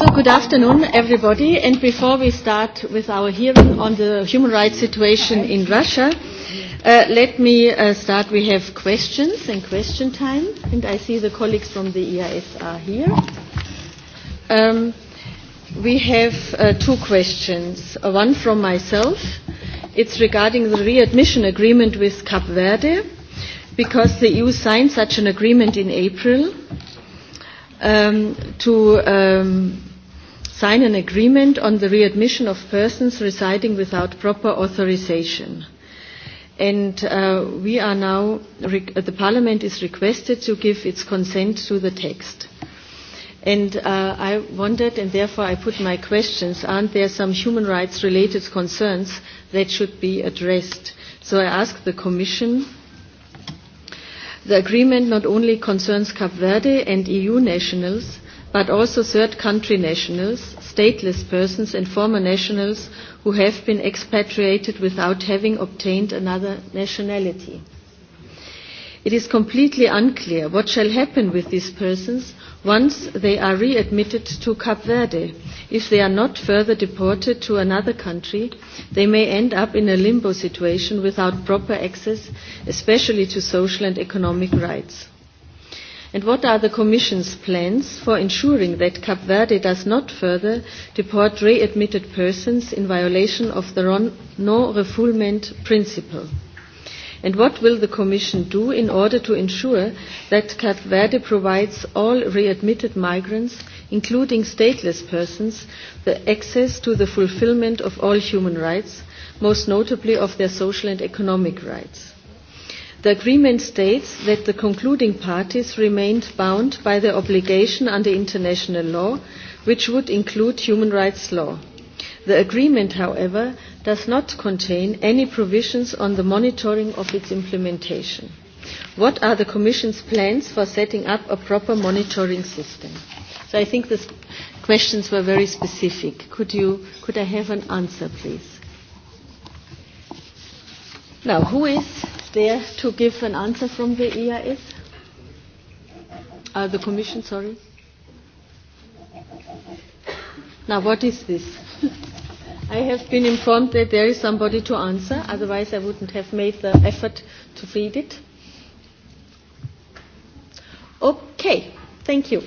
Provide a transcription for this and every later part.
So good afternoon, everybody. And before we start with our hearing on the human rights situation in Russia, uh, let me uh, start. We have questions and question time, and I see the colleagues from the EIS are here. Um, we have uh, two questions. Uh, one from myself. It's regarding the readmission agreement with Cap Verde, because the EU signed such an agreement in April um, to um, sign an agreement on the readmission of persons residing without proper authorization. And uh, we are now, uh, the Parliament is requested to give its consent to the text. And uh, I wondered, and therefore I put my questions, aren't there some human rights related concerns that should be addressed? So I ask the Commission. The agreement not only concerns Cape Verde and EU nationals, but also third country nationals, stateless persons and former nationals who have been expatriated without having obtained another nationality. It is completely unclear what shall happen with these persons once they are readmitted to Cape Verde. If they are not further deported to another country, they may end up in a limbo situation without proper access, especially to social and economic rights. And what are the Commission's plans for ensuring that Cape Verde does not further deport readmitted persons in violation of the no refoulement principle? And what will the Commission do in order to ensure that Cape Verde provides all readmitted migrants, including stateless persons, the access to the fulfillment of all human rights, most notably of their social and economic rights? The agreement states that the concluding parties remained bound by their obligation under international law, which would include human rights law. The agreement, however, does not contain any provisions on the monitoring of its implementation. What are the Commission's plans for setting up a proper monitoring system? So I think the questions were very specific. Could, you, could I have an answer, please? Now, who is there to give an answer from the EIS? Uh, the Commission, sorry. Now, what is this? I have been informed that there is somebody to answer, otherwise I wouldn't have made the effort to read it. Okay, thank you.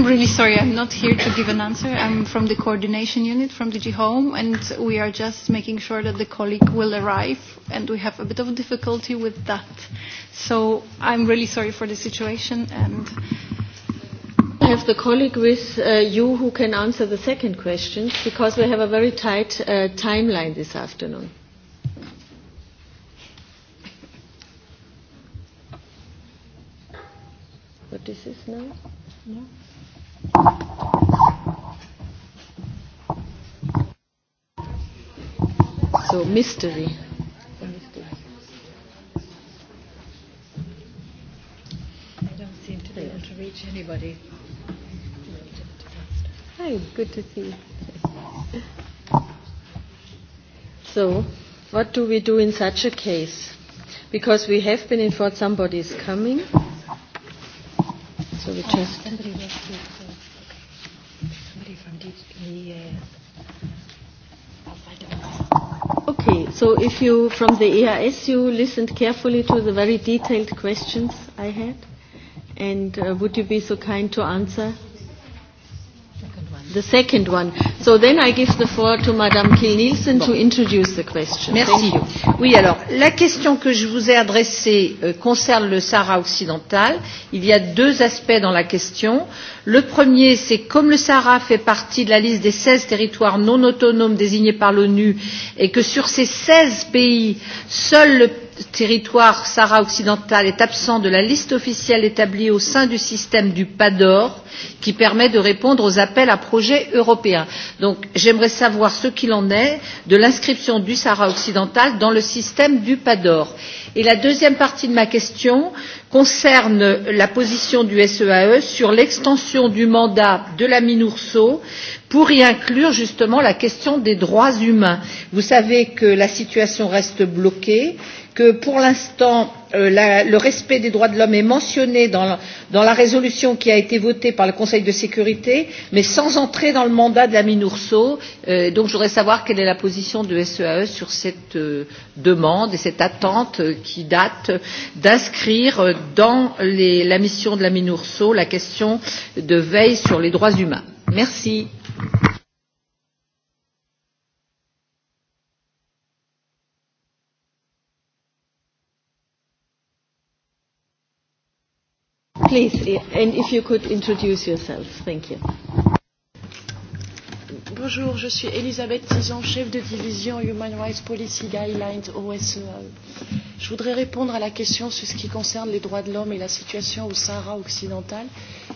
I'm really sorry, I'm not here to give an answer. I'm from the coordination unit from DG Home, and we are just making sure that the colleague will arrive, and we have a bit of difficulty with that. So I'm really sorry for the situation, and I have the colleague with uh, you who can answer the second question, because we have a very tight uh, timeline this afternoon. What is this now? No. So, Mystery. I don't seem to be able to reach anybody. Hi, good to see you. So, what do we do in such a case? Because we have been informed somebody is coming. So we just. Oh, somebody was here. So if you, from the EIS, you listened carefully to the very detailed questions I had, and uh, would you be so kind to answer? Second the second one. So then I give the floor to Madame Kiel-Nielsen bon. to introduce the question. Merci. Oui, alors, la question que je vous ai adressée euh, concerne le Sahara occidental. Il y a deux aspects dans la question. Le premier, c'est comme le Sahara fait partie de la liste des 16 territoires non autonomes désignés par l'ONU et que sur ces 16 pays, seul le territoire Sahara occidental est absent de la liste officielle établie au sein du système du PADOR qui permet de répondre aux appels à projets européens. Donc j'aimerais savoir ce qu'il en est de l'inscription du Sahara occidental dans le système du PADOR. Et la deuxième partie de ma question concerne la position du SEAE e sur l'extension du mandat de la MINURSO pour y inclure justement la question des droits humains. Vous savez que la situation reste bloquée. Euh, que pour l'instant euh, le respect des droits de l'homme est mentionné dans la, dans la résolution qui a été votée par le Conseil de sécurité, mais sans entrer dans le mandat de la MINURSO. Euh, donc je voudrais savoir quelle est la position de SEAE e sur cette euh, demande et cette attente euh, qui date d'inscrire euh, dans les, la mission de la MINURSO la question de veille sur les droits humains. Merci. Please, and if you could introduce yourself. Thank you. Bonjour, je suis Elisabeth Tison, chef de division Human Rights Policy Guidelines OSCE. E. Je voudrais répondre à la question sur ce qui concerne les droits de l'homme et la situation au Sahara occidental.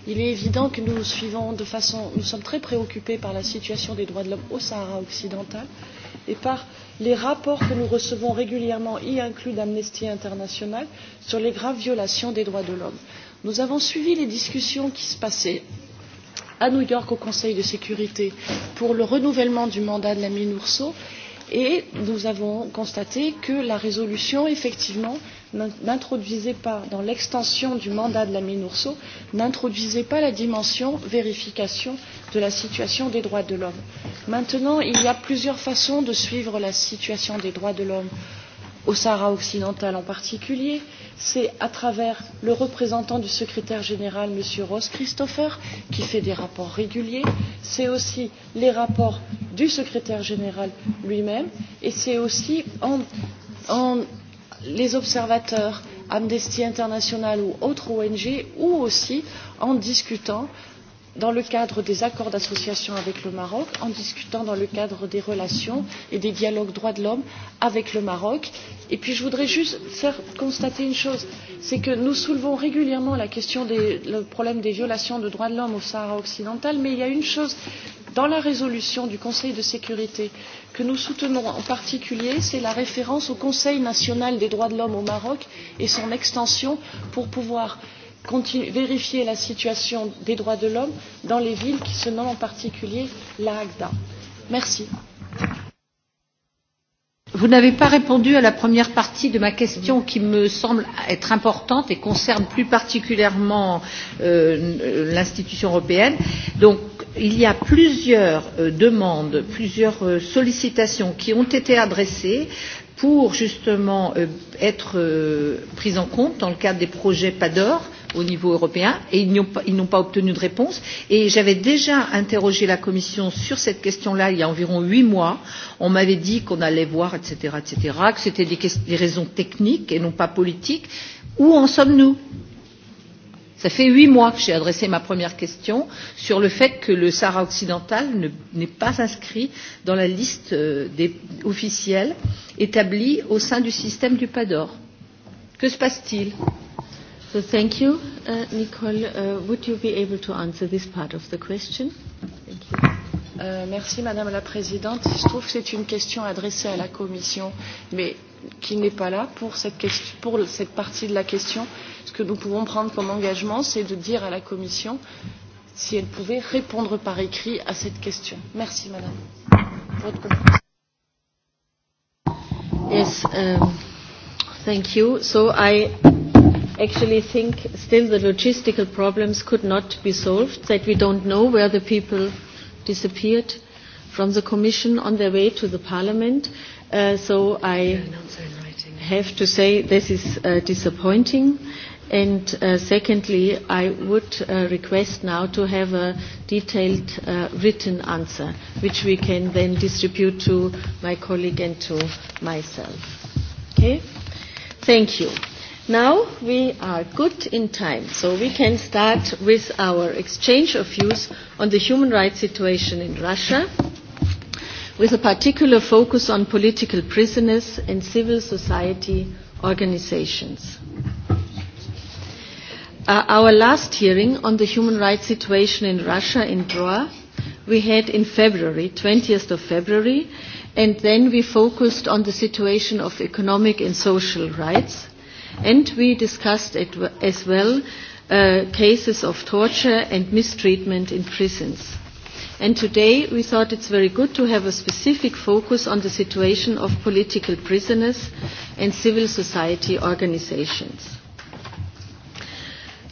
Il est évident que nous suivons de façon, nous sommes très préoccupés par la situation des droits de l'homme au Sahara occidental et par les rapports que nous recevons régulièrement, y inclus d'Amnesty International, sur les graves violations des droits de l'homme nous avons suivi les discussions qui se passaient à New York au Conseil de sécurité pour le renouvellement du mandat de la MINURSO et nous avons constaté que la résolution effectivement n'introduisait pas dans l'extension du mandat de la MINURSO n'introduisait pas la dimension vérification de la situation des droits de l'homme. Maintenant, il y a plusieurs façons de suivre la situation des droits de l'homme au Sahara occidental en particulier c'est à travers le représentant du secrétaire général, M. Ross Christopher, qui fait des rapports réguliers, c'est aussi les rapports du secrétaire général lui-même, et c'est aussi en les observateurs Amnesty International ou autres ONG, ou aussi en discutant dans le cadre des accords d'association avec le Maroc, en discutant dans le cadre des relations et des dialogues droits de l'homme avec le Maroc. Et puis je voudrais juste faire constater une chose, c'est que nous soulevons régulièrement la question des, le problème des violations des droits de l'homme au Sahara occidental, mais il y a une chose dans la résolution du Conseil de sécurité que nous soutenons en particulier, c'est la référence au Conseil national des droits de l'homme au Maroc et son extension pour pouvoir vérifier la situation des droits de l'homme dans les villes qui se nomment en particulier la Haagda. Merci. Vous n'avez pas répondu à la première partie de ma question qui me semble être importante et concerne plus particulièrement euh, l'institution européenne. Donc, il y a plusieurs euh, demandes, plusieurs euh, sollicitations qui ont été adressées pour justement euh, être euh, prises en compte dans le cadre des projets PADOR au niveau européen et ils n'ont pas, obtenu de réponse. Et j'avais déjà interrogé la Commission sur cette question-là il y a environ huit mois. On m'avait dit qu'on allait voir, etc., etc., que c'était des, raisons techniques et non pas politiques. Où en sommes-nous Ça fait huit mois que j'ai adressé ma première question sur le fait que le Sahara occidental n'est ne, pas inscrit dans la liste euh, des, officielle établie au sein du système du PADOR. Que se passe-t-il So thank you, uh, Nicole. Uh, would you be able to answer this part of the question? Thank you. Euh, merci Madame la Présidente. Je trouve que c'est une question adressée à la Commission, mais qui n'est pas là pour cette, question, pour cette partie de la question. Ce que nous pouvons prendre comme engagement, c'est de dire à la Commission si elle pouvait répondre par écrit à cette question. Merci Madame votre compréhension. Yes, um, thank you. So I actually think still the logistical problems could not be solved, that we don't know where the people disappeared from the Commission on their way to the Parliament. Uh, so I have to say this is uh, disappointing. And uh, secondly, I would uh, request now to have a detailed uh, written answer, which we can then distribute to my colleague and to myself. Okay? Thank you. Now we are good in time, so we can start with our exchange of views on the human rights situation in Russia, with a particular focus on political prisoners and civil society organizations. Uh, our last hearing on the human rights situation in Russia in Droa we had in February, 20th of February, and then we focused on the situation of economic and social rights And we discussed it as well uh, cases of torture and mistreatment in prisons. And today we thought it's very good to have a specific focus on the situation of political prisoners and civil society organizations.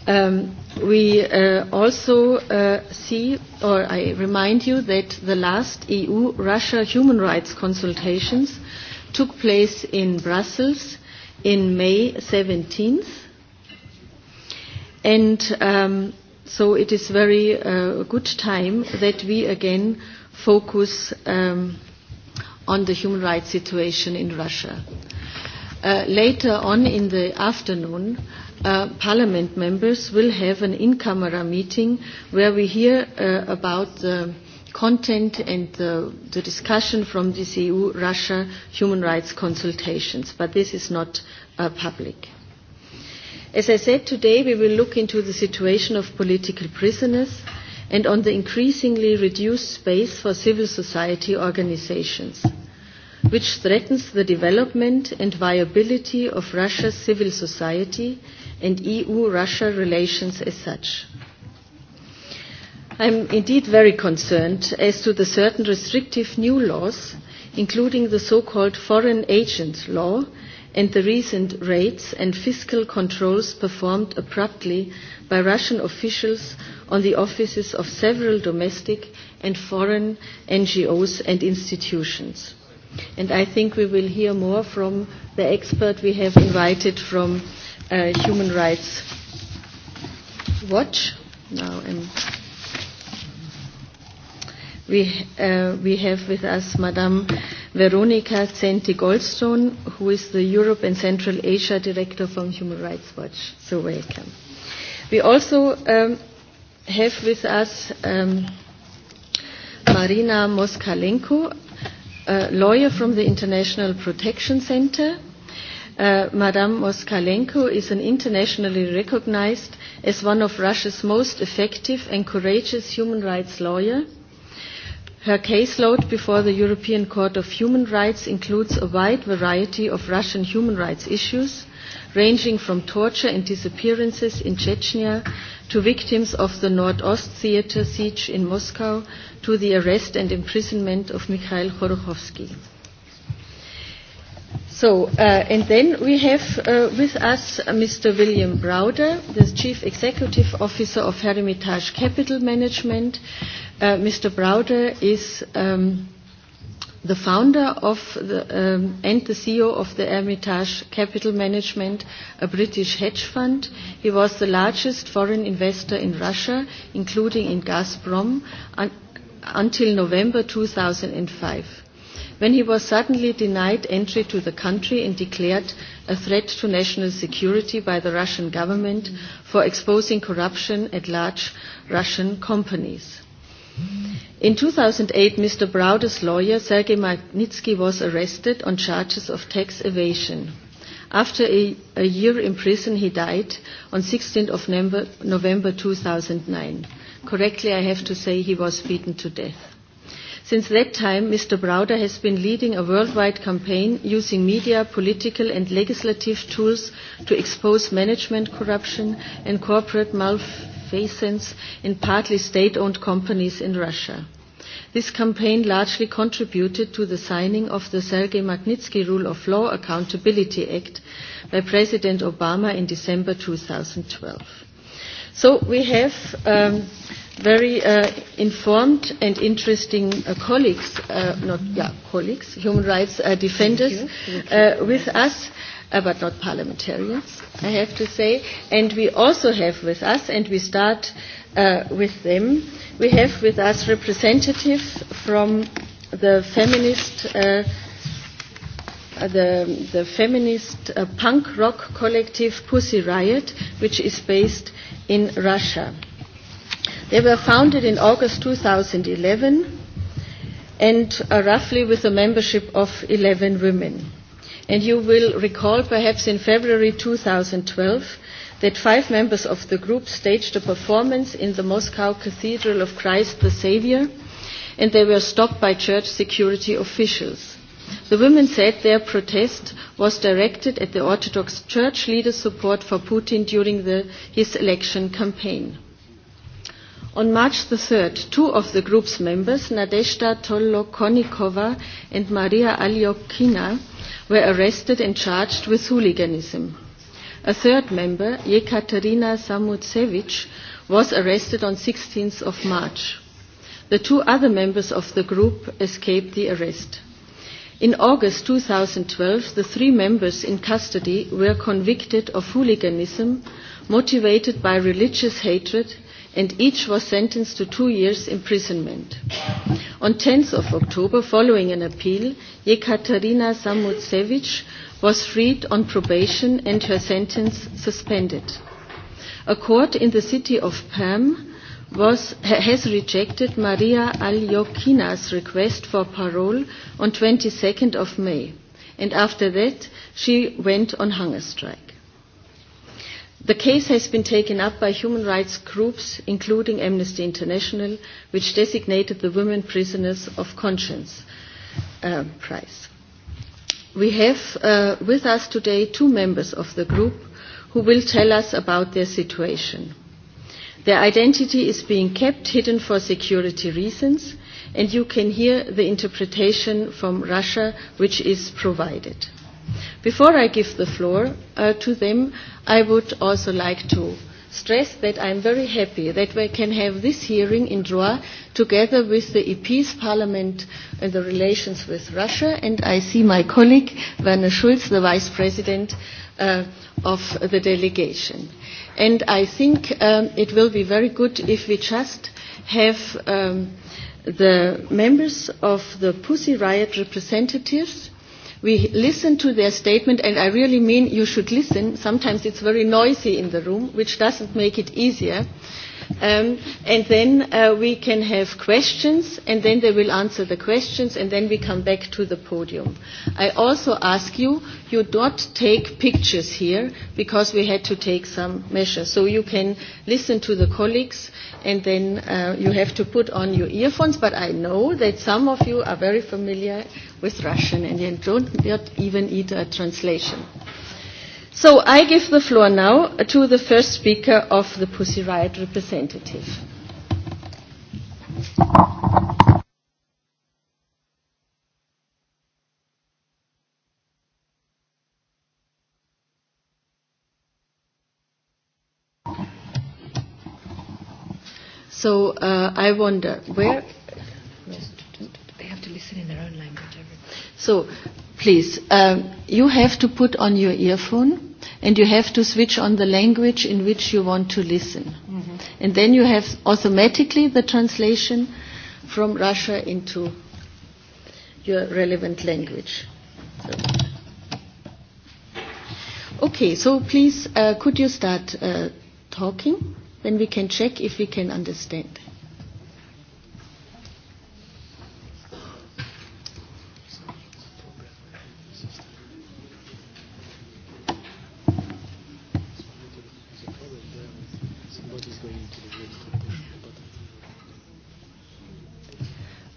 Um, we uh, also uh, see, or I remind you, that the last EU-Russia human rights consultations took place in Brussels in May 17th. And um, so it is very uh, good time that we again focus um, on the human rights situation in Russia. Uh, later on in the afternoon, uh, parliament members will have an in-camera meeting where we hear uh, about the content and the, the discussion from this EU-Russia human rights consultations, but this is not uh, public. As I said today, we will look into the situation of political prisoners and on the increasingly reduced space for civil society organizations, which threatens the development and viability of Russia's civil society and EU-Russia relations as such. I'm indeed very concerned as to the certain restrictive new laws, including the so-called foreign agent law and the recent raids and fiscal controls performed abruptly by Russian officials on the offices of several domestic and foreign NGOs and institutions. And I think we will hear more from the expert we have invited from uh, Human Rights Watch. Now I'm we, uh, we have with us Madame Veronica Centi Goldstone, who is the Europe and Central Asia Director from Human Rights Watch. So welcome. We also um, have with us um, Marina Moskalenko, a lawyer from the International Protection Center. Uh, Madame Moskalenko is an internationally recognized as one of Russia's most effective and courageous human rights lawyers Her caseload before the European Court of Human Rights includes a wide variety of Russian human rights issues, ranging from torture and disappearances in Chechnya to victims of the Nordost theater siege in Moscow to the arrest and imprisonment of Mikhail Khodorkovsky. So, uh, and then we have uh, with us Mr. William Browder, the Chief Executive Officer of Hermitage Capital Management. Uh, Mr. Browder is um, the founder of the, um, and the CEO of the Hermitage Capital Management, a British hedge fund. He was the largest foreign investor in Russia, including in Gazprom, un- until November 2005 when he was suddenly denied entry to the country and declared a threat to national security by the Russian government for exposing corruption at large Russian companies. In 2008, Mr. Browder's lawyer, Sergei Magnitsky, was arrested on charges of tax evasion. After a, a year in prison, he died on 16th of November, November 2009. Correctly, I have to say he was beaten to death. Since that time, Mr. Browder has been leading a worldwide campaign using media, political and legislative tools to expose management corruption and corporate malfeasance in partly state-owned companies in Russia. This campaign largely contributed to the signing of the Sergei Magnitsky Rule of Law Accountability Act by President Obama in December 2012. So we have um, very uh, informed and interesting uh, colleagues, uh, not yeah, colleagues, human rights uh, defenders Thank you. Thank you. Uh, with us, uh, but not parliamentarians, I have to say. And we also have with us, and we start uh, with them, we have with us representative from the feminist. Uh, uh the, the feminist uh, punk rock collective Pussy Riot, which is based in Russia. They were founded in August 2011 and uh, roughly with a membership of 11 women. And you will recall perhaps in February 2012 that five members of the group staged a performance in the Moscow Cathedral of Christ the Savior and they were stopped by church security officials. The women said their protest was directed at the Orthodox Church leader's support for Putin during the, his election campaign. On March the 3rd, two of the group's members, Nadezhda Tolokonikova and Maria Alyokina, were arrested and charged with hooliganism. A third member, Yekaterina Samutsevich, was arrested on 16th of March. The two other members of the group escaped the arrest. In August 2012, the three members in custody were convicted of hooliganism motivated by religious hatred and each was sentenced to two years imprisonment. On 10th of October, following an appeal, Yekaterina Samutsevich was freed on probation and her sentence suspended. A court in the city of Perm was, has rejected Maria Alyokina's request for parole on 22nd of May, and after that she went on hunger strike. The case has been taken up by human rights groups, including Amnesty International, which designated the Women Prisoners of Conscience um, Prize. We have uh, with us today two members of the group who will tell us about their situation. Their identity is being kept hidden for security reasons, and you can hear the interpretation from Russia which is provided. Before I give the floor uh, to them, I would also like to stress that I am very happy that we can have this hearing in Drua together with the EP's Parliament and the relations with Russia. And I see my colleague Werner Schulz, the Vice President uh, of the delegation. And I think um, it will be very good if we just have um, the members of the Pussy Riot representatives We listen to their statement, and I really mean you should listen. Sometimes it's very noisy in the room, which doesn't make it easier. Um, and then uh, we can have questions, and then they will answer the questions, and then we come back to the podium. I also ask you, you not take pictures here, because we had to take some measures. So you can listen to the colleagues, and then uh, you have to put on your earphones, but I know that some of you are very familiar with Russian and then don't not even need a translation. So I give the floor now to the first speaker of the Pussy Riot representative. So uh, I wonder where. Just, just, they have to listen in their own language. So, please, um, you have to put on your earphone and you have to switch on the language in which you want to listen. Mm-hmm. And then you have automatically the translation from Russia into your relevant language. So. Okay, so please, uh, could you start uh, talking? Then we can check if we can understand.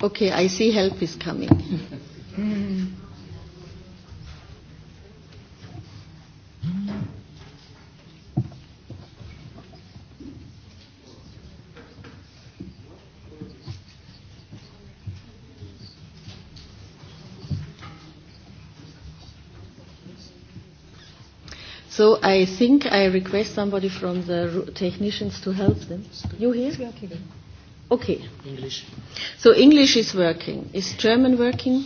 Okay, I see help is coming. I think I request somebody from the technicians to help them. You here? Okay. English. So English is working. Is German working?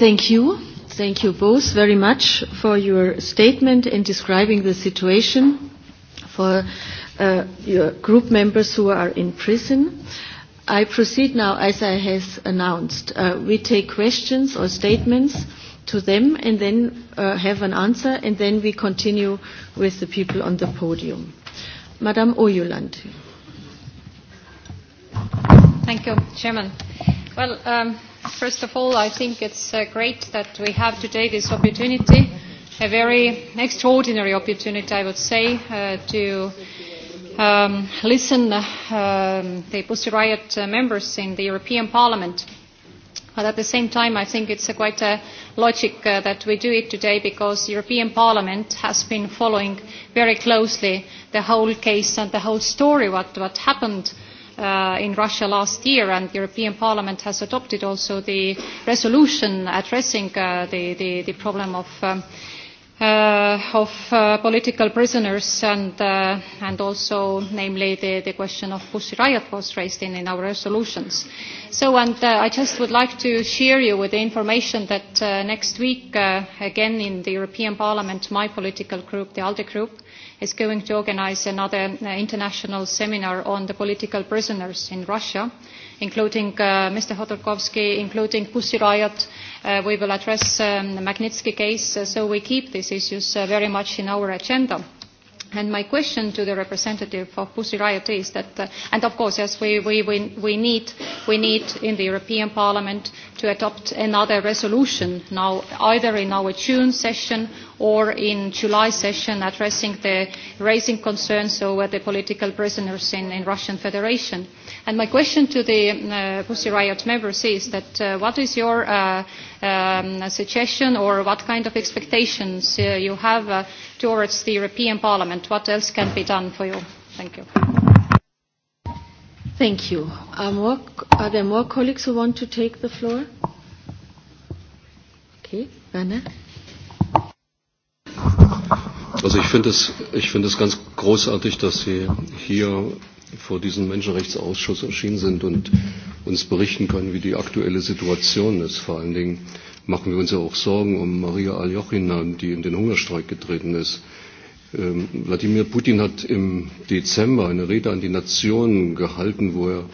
Thank you. Thank you both very much for your statement in describing the situation for uh, your group members who are in prison. I proceed now as I have announced. Uh, we take questions or statements to them and then uh, have an answer and then we continue with the people on the podium. Madame Ojuland. Thank you, Chairman. Well, um, First of all, I think it's uh, great that we have today this opportunity, a very extraordinary opportunity, I would say, uh, to um, listen uh, um, the Pussy Riot uh, members in the European Parliament. But at the same time, I think it's a quite a logic uh, that we do it today because the European Parliament has been following very closely the whole case and the whole story, what, what happened uh, in Russia last year, and the European Parliament has adopted also the resolution addressing uh, the, the, the problem of, um, uh, of uh, political prisoners, and, uh, and also, namely, the, the question of Pussy Riot was raised in, in our resolutions. So, and uh, I just would like to share you with the information that uh, next week, uh, again in the European Parliament, my political group, the ALDE group, uh, is going to organize another uh, international seminar on the political prisoners in Russia, including uh, Mr. Hodorkovsky, including Pussy Riot. Uh, we will address um, the Magnitsky case, uh, so we keep these issues uh, very much in our agenda. And my question to the representative of Pussy Riot is that, uh, and of course, yes, we, we, we, we, need, we need in the European Parliament to adopt another resolution now, either in our June session or in July session addressing the raising concerns over the political prisoners in, in Russian Federation. And my question to the mm, uh, Pussy Riot members is that uh, what is your uh, um, suggestion or what kind of expectations uh, you have uh, towards the European Parliament? What else can be done for you? Thank you. Thank you. Are, more, are there more colleagues who want to take the floor? Okay, Werner. Also ich finde es, find es ganz großartig, dass Sie hier vor diesem Menschenrechtsausschuss erschienen sind und uns berichten können, wie die aktuelle Situation ist. Vor allen Dingen machen wir uns ja auch Sorgen um Maria Aljochina, die in den Hungerstreik getreten ist. Ähm, Wladimir Putin hat im Dezember eine Rede an die Nationen gehalten, wo er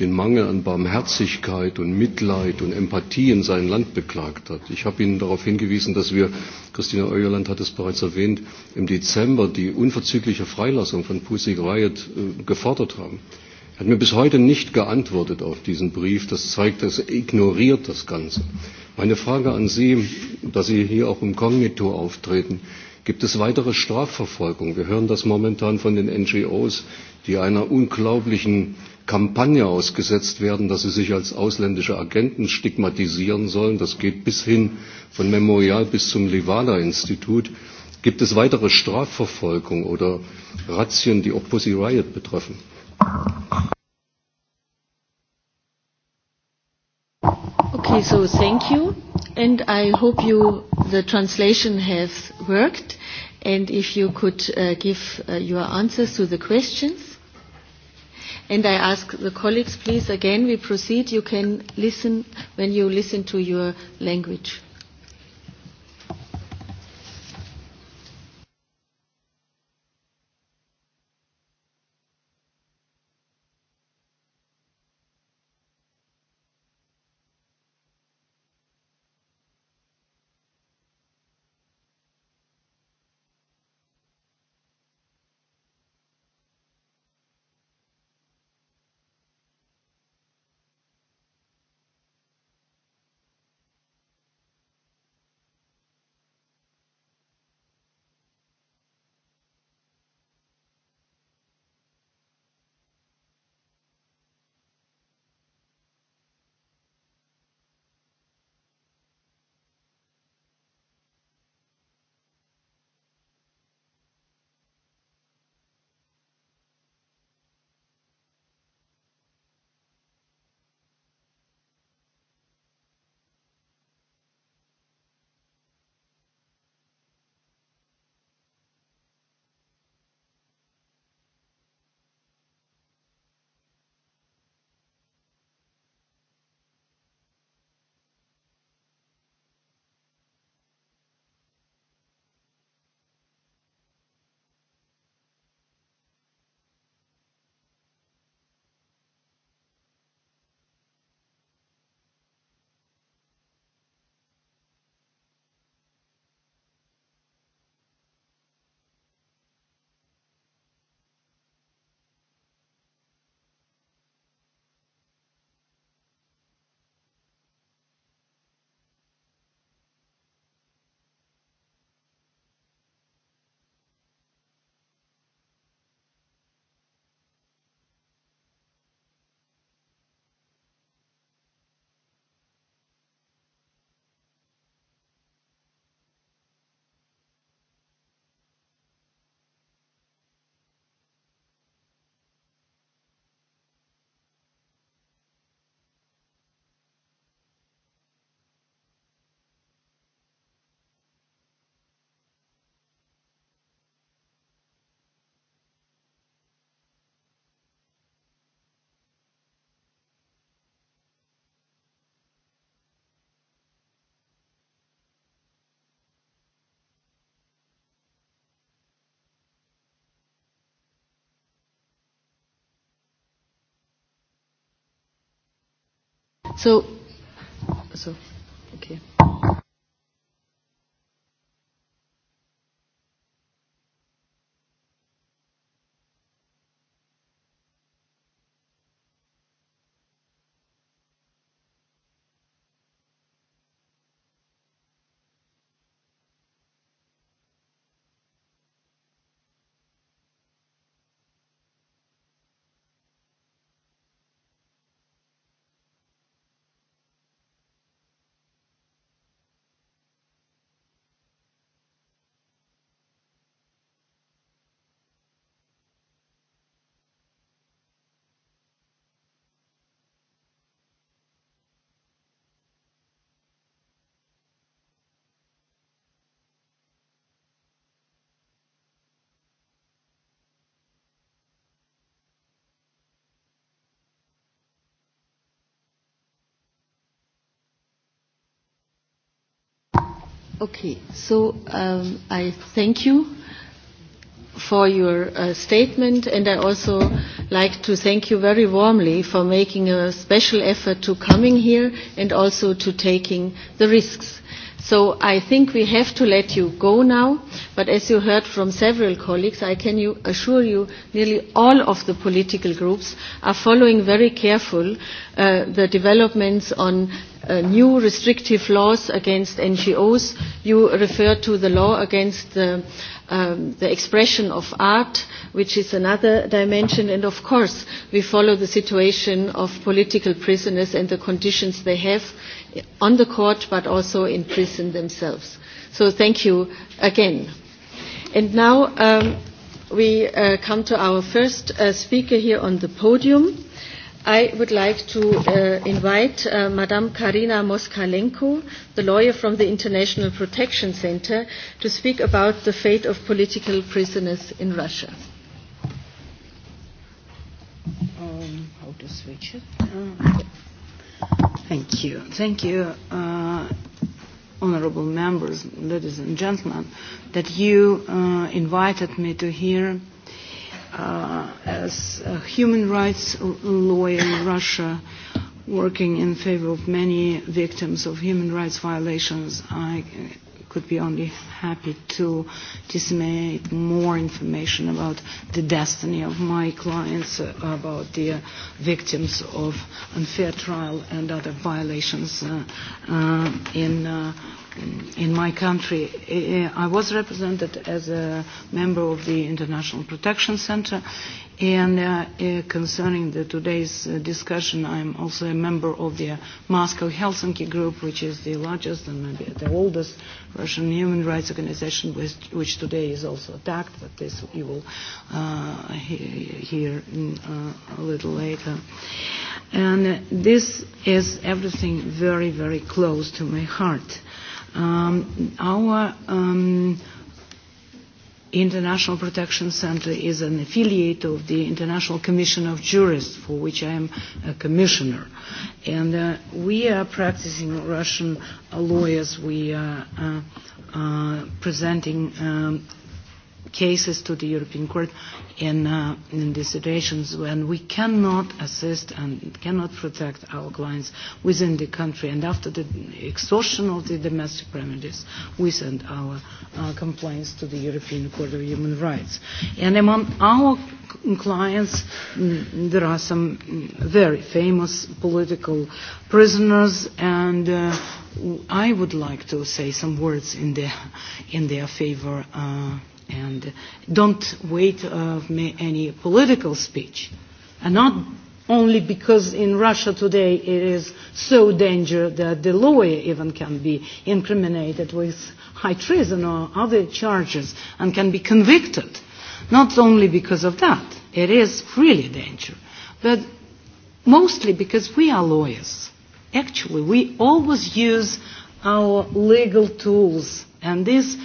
den Mangel an Barmherzigkeit und Mitleid und Empathie in seinem Land beklagt hat. Ich habe Ihnen darauf hingewiesen, dass wir, Christina Euerland hat es bereits erwähnt, im Dezember die unverzügliche Freilassung von Pussy Riot äh, gefordert haben. Er hat mir bis heute nicht geantwortet auf diesen Brief. Das zeigt, dass er ignoriert das Ganze. Meine Frage an Sie, da Sie hier auch im Kognito auftreten, Gibt es weitere Strafverfolgung? Wir hören das momentan von den NGOs, die einer unglaublichen Kampagne ausgesetzt werden, dass sie sich als ausländische Agenten stigmatisieren sollen. Das geht bis hin von Memorial bis zum levada institut Gibt es weitere Strafverfolgung oder Razzien, die auch Pussy Riot betreffen? Okay, so thank you. And I hope you, the translation has worked. And if you could uh, give uh, your answers to the questions. And I ask the colleagues, please, again, we proceed. You can listen when you listen to your language. So, so okay. Okay, so um, I thank you for your uh, statement and I also like to thank you very warmly for making a special effort to coming here and also to taking the risks. So I think we have to let you go now, but as you heard from several colleagues, I can you assure you nearly all of the political groups are following very careful uh, the developments on uh, new restrictive laws against NGOs. You refer to the law against the, um, the expression of art, which is another dimension, and of course we follow the situation of political prisoners and the conditions they have on the court but also in prison themselves. So thank you again. And now um, we uh, come to our first uh, speaker here on the podium. I would like to uh, invite uh, Madame Karina Moskalenko, the lawyer from the International Protection Center, to speak about the fate of political prisoners in Russia. Um, how to switch it? Uh. Thank you. Thank you, uh, honorable members, ladies and gentlemen, that you uh, invited me to hear uh, as a human rights lawyer in Russia working in favor of many victims of human rights violations. I could be only happy to disseminate more information about the destiny of my clients, uh, about the uh, victims of unfair trial and other violations uh, uh, in uh, in my country. I was represented as a member of the International Protection Center, and uh, uh, concerning the today's uh, discussion, I'm also a member of the Moscow Helsinki Group, which is the largest and maybe the oldest Russian human rights organization, which, which today is also attacked, but this you will uh, hear in, mm, uh, a little later. And uh, this is everything very, very close to my heart. Uh, Um, our um, International Protection Center is an affiliate of the International Commission of Jurists, for which I am a commissioner. And uh, we are practicing Russian lawyers. We are uh, uh, presenting um, cases to the European Court in, uh, in the situations when we cannot assist and cannot protect our clients within the country. And after the exhaustion of the domestic remedies, we send our uh, complaints to the European Court of Human Rights. And among our clients, mm, there are some mm, very famous political prisoners, and uh, I would like to say some words in their, in their favor. Uh, and don't wait of uh, me any political speech. And not only because in Russia today it is so dangerous that the lawyer even can be incriminated with high treason or other charges and can be convicted. Not only because of that, it is really dangerous, but mostly because we are lawyers. Actually, we always use our legal tools, and this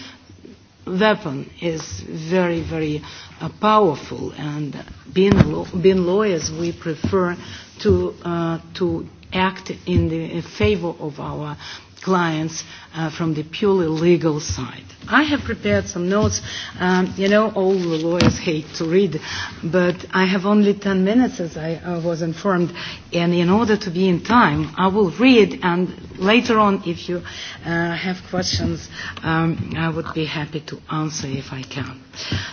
weapon is very, very uh, powerful. And being, lo- being lawyers, we prefer to, uh, to act in the in favor of our clients uh, from the purely legal side. I have prepared some notes. Um, you know, all the lawyers hate to read, but I have only 10 minutes, as I uh, was informed. And in order to be in time, I will read and later on, if you uh, have questions, um, I would be happy to answer if I can.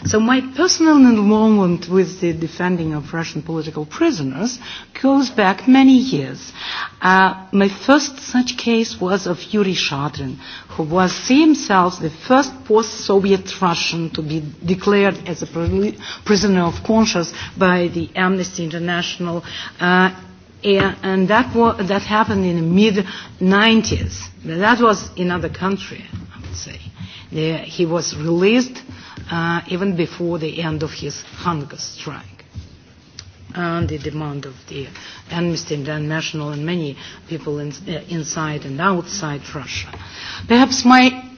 So my personal involvement with the defending of Russian political prisoners goes back many years. Uh, my first such case was of Yuri Shadrin, who was himself the first post-Soviet Russian to be declared as a prisoner of conscience by the Amnesty International uh, and that, wa- that happened in the mid 90s. that was in another country, I would say. The, he was released uh, even before the end of his hunger strike and the demand of the Amnesty International and many people in, uh, inside and outside Russia. Perhaps my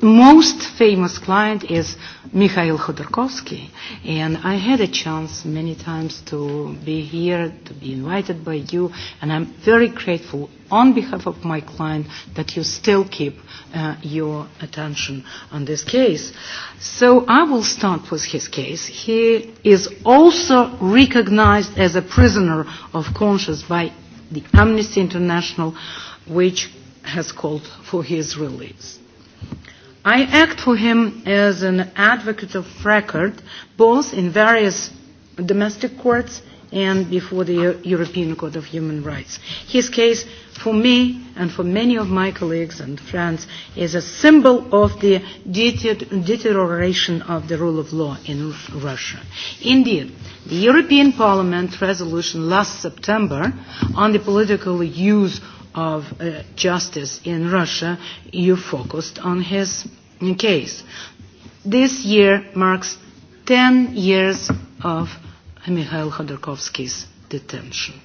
most famous client is Mikhail Khodorkovsky, and I had a chance many times to be here, to be invited by you, and I'm very grateful on behalf of my client that you still keep uh, your attention on this case. So I will start with his case. He is also recognized as a prisoner of conscience by the Amnesty International, which has called for his release. I act for him as an advocate of record, both in various domestic courts and before the European Court of Human Rights. His case, for me and for many of my colleagues and friends, is a symbol of the deterioration of the rule of law in Russia. Indeed, the European Parliament resolution last September on the political use of uh, justice in Russia, you focused on his in case. This year marks 10 years of Mikhail Khodorkovsky's detention.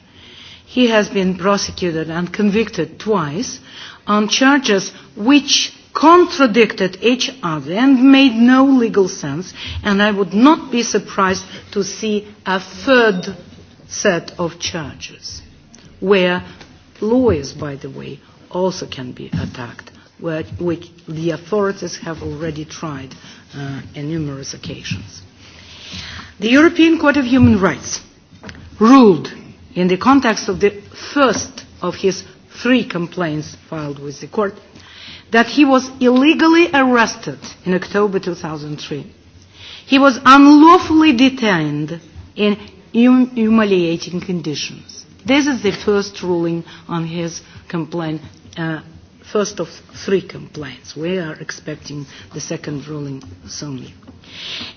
He has been prosecuted and convicted twice on charges which contradicted each other and made no legal sense, and I would not be surprised to see a third set of charges, where lawyers, by the way, also can be attacked which the authorities have already tried uh, on numerous occasions. The European Court of Human Rights ruled in the context of the first of his three complaints filed with the court that he was illegally arrested in October 2003. He was unlawfully detained in humiliating conditions. This is the first ruling on his complaint uh, first of three complaints. We are expecting the second ruling soonly.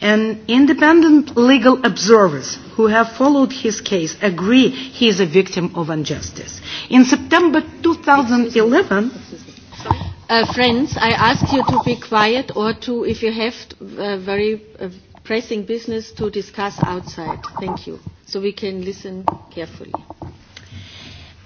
And independent legal observers who have followed his case agree he is a victim of injustice. In September 2011, uh, friends, I ask you to be quiet or to, if you have uh, very uh, pressing business, to discuss outside. Thank you. So we can listen carefully.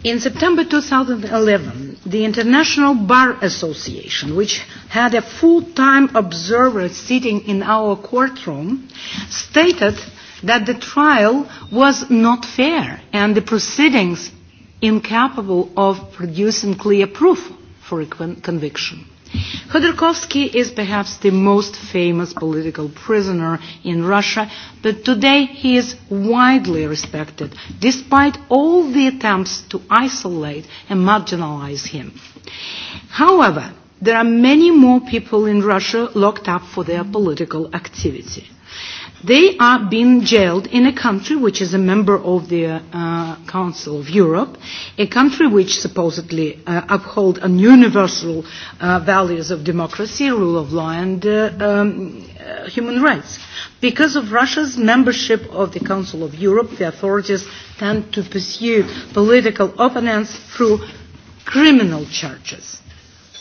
In September 2011, the International Bar Association, which had a full-time observer sitting in our courtroom, stated that the trial was not fair and the proceedings incapable of producing clear proof for a conviction. Khodorkovsky is perhaps the most famous political prisoner in Russia, but today he is widely respected, despite all the attempts to isolate and marginalize him. However, there are many more people in Russia locked up for their political activity. They are being jailed in a country which is a member of the uh, Council of Europe, a country which supposedly uh, uphold an universal uh, values of democracy, rule of law, and uh, um, uh, human rights. Because of Russia's membership of the Council of Europe, the authorities tend to pursue political opponents through criminal charges.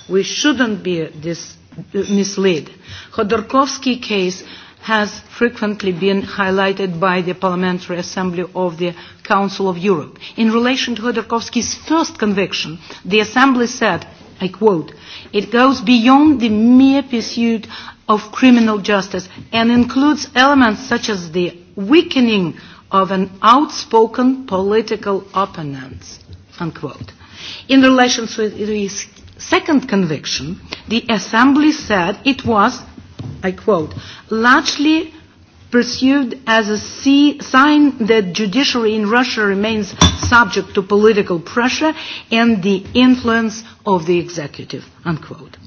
We shouldn't be this uh, misled. Khodorkovsky case has frequently been highlighted by the Parliamentary Assembly of the Council of Europe. In relation to Khodorkovsky's first conviction, the Assembly said, I quote, it goes beyond the mere pursuit of criminal justice and includes elements such as the weakening of an outspoken political opponent, unquote. In relation to his second conviction, the Assembly said it was, I quote, largely pursued as a see, sign that judiciary in Russia remains subject to political pressure and the influence of the executive, unquote.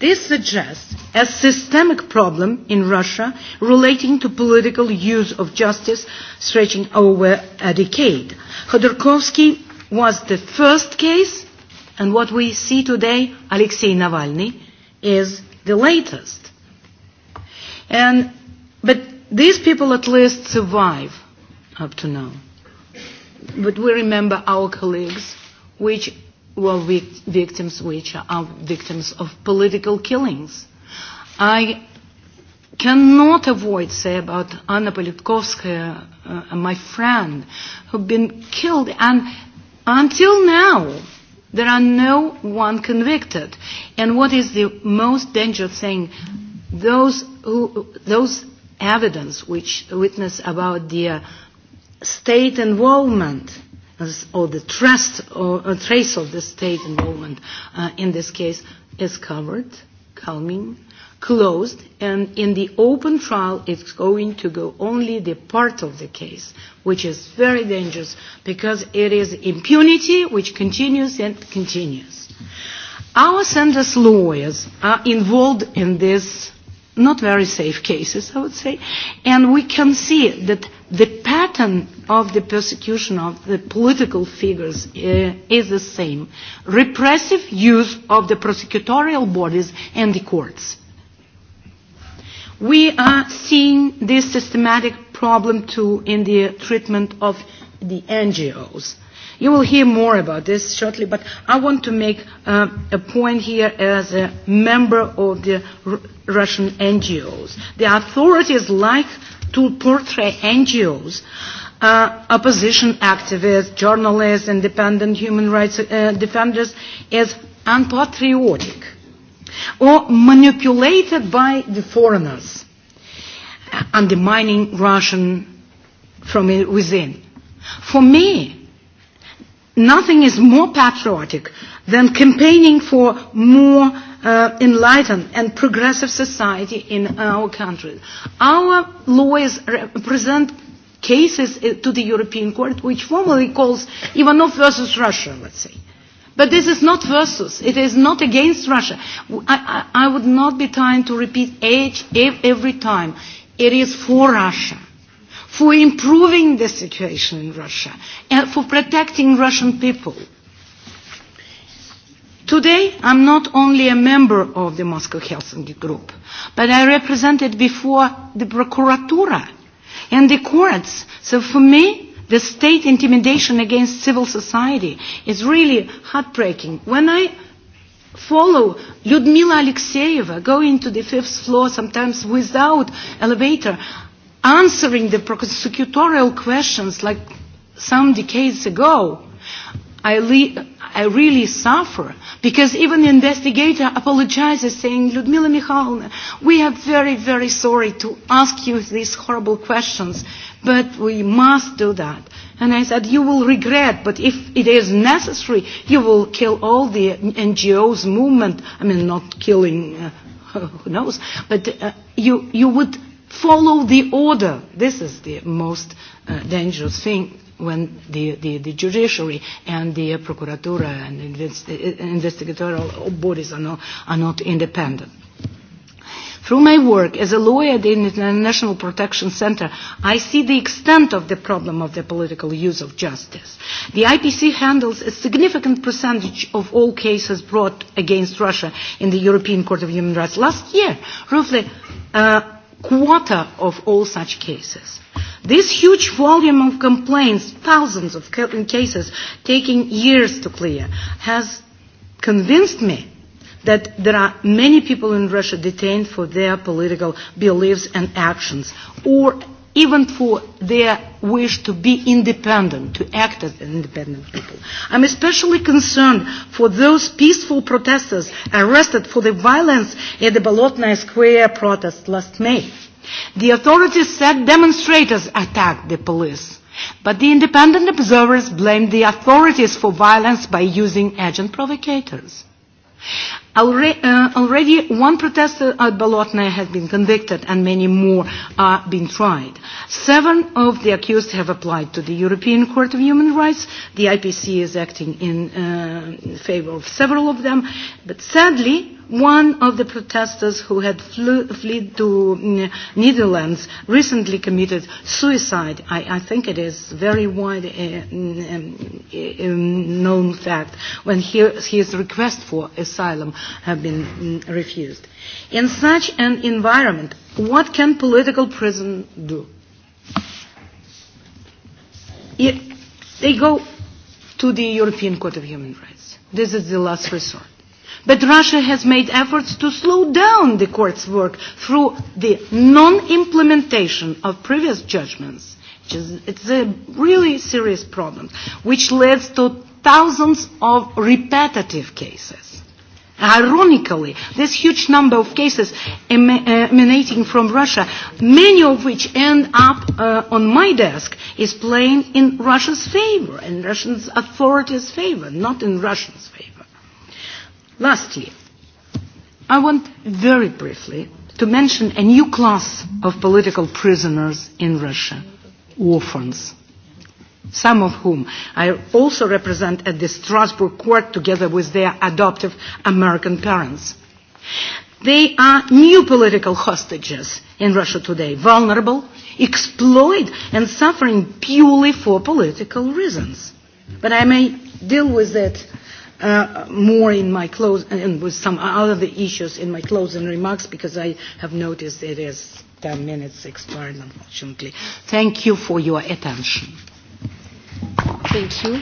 This suggests a systemic problem in Russia relating to political use of justice stretching over a decade. Khodorkovsky was the first case, and what we see today, Alexei Navalny, is the latest. And, but these people at least survive up to now. But we remember our colleagues, which were vic- victims, which are victims of political killings. I cannot avoid say about Anna Politkovskaya, uh, my friend, who've been killed, and until now, there are no one convicted. And what is the most dangerous thing? those, who, those evidence which witness about the uh, state involvement or the trust or a trace of the state involvement uh, in this case is covered, calming, closed, and in the open trial it's going to go only the part of the case, which is very dangerous because it is impunity which continues and continues. Our Sanders lawyers are involved in this not very safe cases, I would say. And we can see that the pattern of the persecution of the political figures uh, is the same. Repressive use of the prosecutorial bodies and the courts. We are seeing this systematic problem too in the treatment of the NGOs. You will hear more about this shortly, but I want to make uh, a point here as a member of the R- Russian NGOs. The authorities like to portray NGOs, uh, opposition activists, journalists, independent human rights uh, defenders as unpatriotic or manipulated by the foreigners, uh, undermining Russian from within. For me, nothing is more patriotic than campaigning for more uh, enlightened and progressive society in our country. Our lawyers represent cases uh, to the European Court, which formally calls Ivanov versus Russia, let's say. But this is not versus. It is not against Russia. I, I, I would not be trying to repeat age every time. It is for Russia for improving the situation in Russia and for protecting Russian people. Today, I'm not only a member of the Moscow Helsinki Group, but I represented before the Procuratura and the courts. So for me, the state intimidation against civil society is really heartbreaking. When I follow Lyudmila Alexeyeva going to the fifth floor, sometimes without elevator, answering the prosecutorial questions like some decades ago, I, le- I really suffer because even the investigator apologizes saying, Ludmila Mikhailovna, we are very, very sorry to ask you these horrible questions, but we must do that. And I said, you will regret, but if it is necessary, you will kill all the NGOs movement. I mean, not killing, uh, who knows, but uh, you, you would follow the order. This is the most uh, dangerous thing when the, the, the judiciary and the uh, procuratura and invest, uh, investigatorial bodies are not, are not independent. Through my work as a lawyer at the International Protection Center, I see the extent of the problem of the political use of justice. The IPC handles a significant percentage of all cases brought against Russia in the European Court of Human Rights. Last year, roughly uh, quarter of all such cases. This huge volume of complaints, thousands of cases taking years to clear, has convinced me that there are many people in Russia detained for their political beliefs and actions or even for their wish to be independent, to act as an independent people. I'm especially concerned for those peaceful protesters arrested for the violence at the Bolotnaya Square protest last May. The authorities said demonstrators attacked the police, but the independent observers blamed the authorities for violence by using agent provocators. Uh, already one protester at Bolotnaya has been convicted and many more are being tried. Seven of the accused have applied to the European Court of Human Rights. The IPC is acting in uh, favor of several of them. But sadly, One of the protesters who had fled to mm, Netherlands recently committed suicide. I, I think it is very wide uh, um, known fact when he, his request for asylum had been um, refused. In such an environment, what can political prison do? It, they go to the European Court of Human Rights. This is the last resort But Russia has made efforts to slow down the court's work through the non-implementation of previous judgments. Which is, it's a really serious problem, which leads to thousands of repetitive cases. Ironically, this huge number of cases emanating from Russia, many of which end up uh, on my desk, is playing in Russia's favor, in Russian authorities' favor, not in Russians' favor. Lastly, I want very briefly to mention a new class of political prisoners in Russia, orphans, some of whom I also represent at the Strasbourg court together with their adoptive American parents. They are new political hostages in Russia today, vulnerable, exploited, and suffering purely for political reasons. But I may deal with it uh, more in my close and with some other issues in my closing remarks because I have noticed it is 10 minutes expired, unfortunately. Thank you for your attention. Thank you.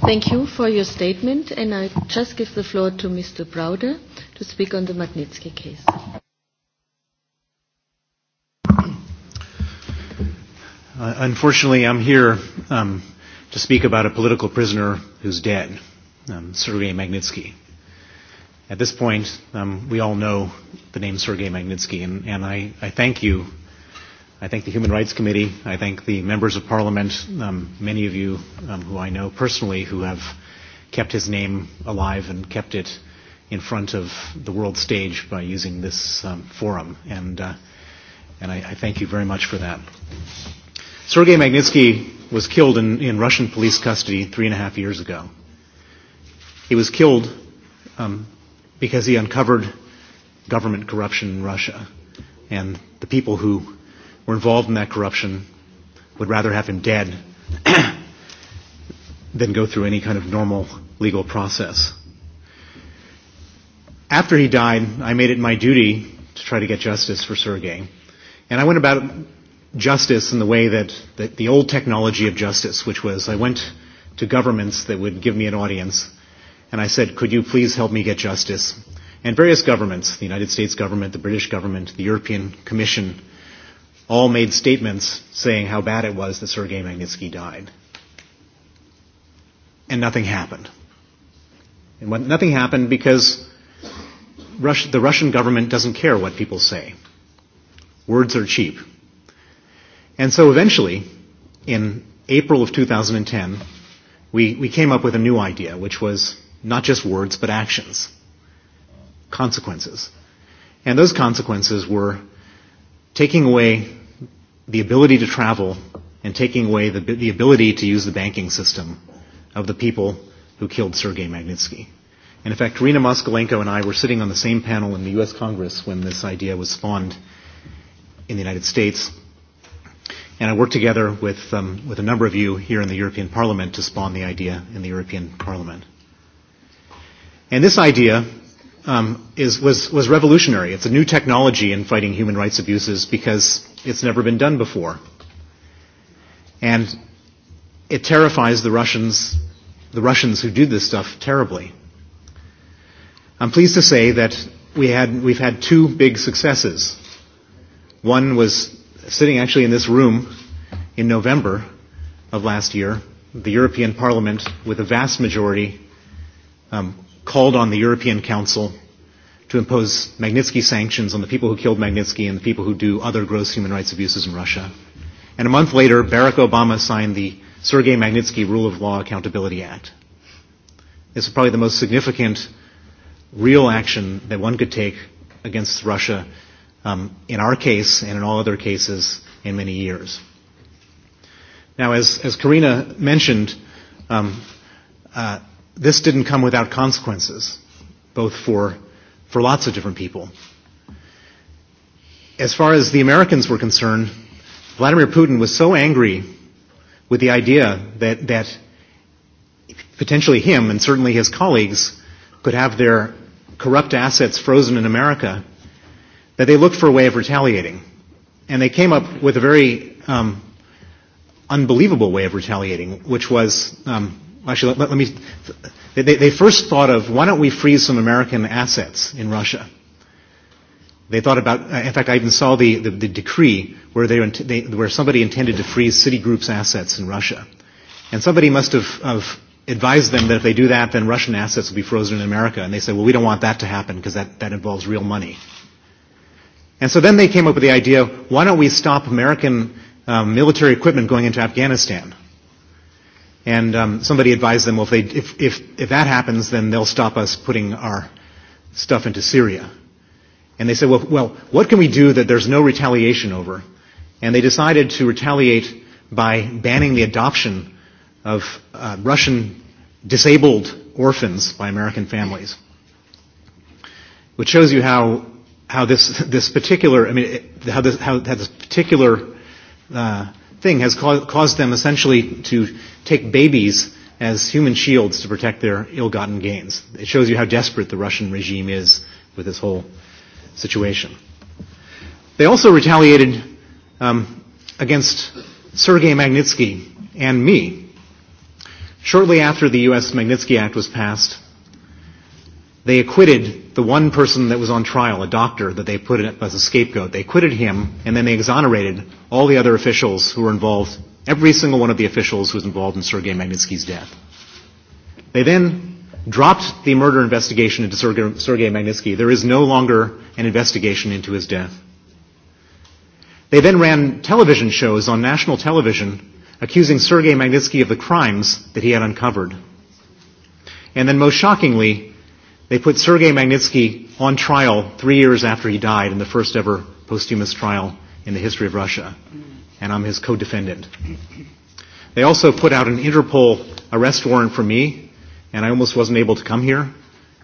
Thank you for your statement, and I just give the floor to Mr. Browder to speak on the Magnitsky case. Uh, unfortunately, I'm here um, to speak about a political prisoner who's dead, um, Sergei Magnitsky. At this point, um, we all know the name Sergei Magnitsky, and, and I, I thank you. I thank the Human Rights Committee. I thank the members of Parliament, um, many of you um, who I know personally who have kept his name alive and kept it in front of the world stage by using this um, forum. And, uh, and I, I thank you very much for that. Sergei Magnitsky was killed in, in Russian police custody three and a half years ago. He was killed um, because he uncovered government corruption in Russia. And the people who were involved in that corruption would rather have him dead than go through any kind of normal legal process. After he died, I made it my duty to try to get justice for Sergei. And I went about justice in the way that, that the old technology of justice, which was I went to governments that would give me an audience, and I said, could you please help me get justice? And various governments, the United States government, the British government, the European Commission, all made statements saying how bad it was that Sergei Magnitsky died. And nothing happened. And when, nothing happened because Rush, the Russian government doesn't care what people say. Words are cheap. And so eventually, in April of 2010, we, we came up with a new idea, which was not just words, but actions, consequences. And those consequences were taking away the ability to travel and taking away the, the ability to use the banking system of the people who killed Sergei Magnitsky. And in fact, Rina Moskalenko and I were sitting on the same panel in the U.S. Congress when this idea was spawned in the United States. And I worked together with, um, with a number of you here in the European Parliament to spawn the idea in the European Parliament. And this idea um, is, was, was revolutionary. It's a new technology in fighting human rights abuses because it's never been done before. And it terrifies the Russians, the Russians who do this stuff terribly. I'm pleased to say that we had, we've had two big successes. One was sitting actually in this room in November of last year, the European Parliament, with a vast majority, um, called on the European Council to impose Magnitsky sanctions on the people who killed Magnitsky and the people who do other gross human rights abuses in Russia. And a month later, Barack Obama signed the Sergei Magnitsky Rule of Law Accountability Act. This is probably the most significant real action that one could take against Russia um, in our case and in all other cases in many years. Now, as, as Karina mentioned, um, uh, this didn't come without consequences, both for, for lots of different people. As far as the Americans were concerned, Vladimir Putin was so angry with the idea that, that potentially him and certainly his colleagues could have their corrupt assets frozen in America that they looked for a way of retaliating. And they came up with a very um, unbelievable way of retaliating, which was um, actually, let, let me. They, they first thought of why don't we freeze some American assets in Russia? They thought about, in fact, I even saw the, the, the decree where, they, they, where somebody intended to freeze Citigroup's assets in Russia. And somebody must have, have advised them that if they do that, then Russian assets will be frozen in America. And they said, well, we don't want that to happen because that, that involves real money. And so then they came up with the idea, why don't we stop American um, military equipment going into Afghanistan? And um, somebody advised them, well, if, they, if, if, if that happens, then they'll stop us putting our stuff into Syria. And they said, well, well, what can we do that there's no retaliation over? And they decided to retaliate by banning the adoption of uh, Russian disabled orphans by American families, which shows you how how this this particular I mean how this how, how this particular uh, thing has co- caused them essentially to take babies as human shields to protect their ill-gotten gains. It shows you how desperate the Russian regime is with this whole situation. They also retaliated um, against Sergei Magnitsky and me. Shortly after the U.S. Magnitsky Act was passed, They acquitted the one person that was on trial, a doctor that they put in as a scapegoat. They acquitted him, and then they exonerated all the other officials who were involved, every single one of the officials who was involved in Sergei Magnitsky's death. They then dropped the murder investigation into Sergei, Sergei Magnitsky. There is no longer an investigation into his death. They then ran television shows on national television accusing Sergei Magnitsky of the crimes that he had uncovered. And then, most shockingly, They put Sergei Magnitsky on trial three years after he died in the first ever posthumous trial in the history of Russia, and I'm his co-defendant. They also put out an Interpol arrest warrant for me, and I almost wasn't able to come here.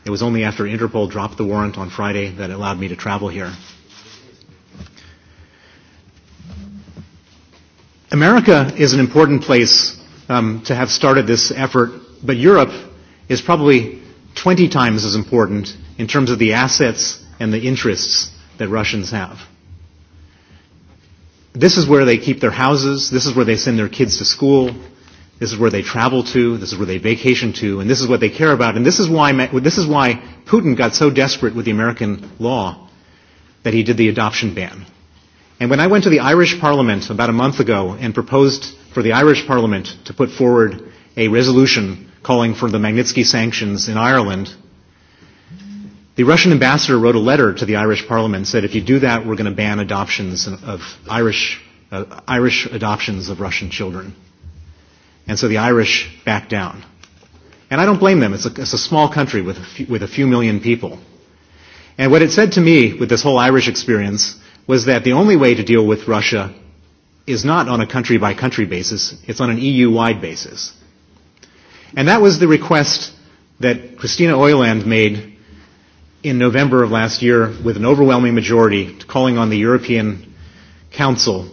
It was only after Interpol dropped the warrant on Friday that it allowed me to travel here. America is an important place um, to have started this effort, but Europe is probably 20 times as important in terms of the assets and the interests that Russians have. This is where they keep their houses, this is where they send their kids to school, this is where they travel to, this is where they vacation to, and this is what they care about. And this is why, this is why Putin got so desperate with the American law that he did the adoption ban. And when I went to the Irish Parliament about a month ago and proposed for the Irish Parliament to put forward a resolution calling for the Magnitsky sanctions in Ireland, the Russian ambassador wrote a letter to the Irish parliament and said, if you do that, we're going to ban adoptions of Irish, uh, Irish adoptions of Russian children. And so the Irish backed down. And I don't blame them. It's a, it's a small country with a, few, with a few million people. And what it said to me with this whole Irish experience was that the only way to deal with Russia is not on a country by country basis, it's on an EU wide basis. And that was the request that Christina Oyland made in November of last year with an overwhelming majority calling on the European Council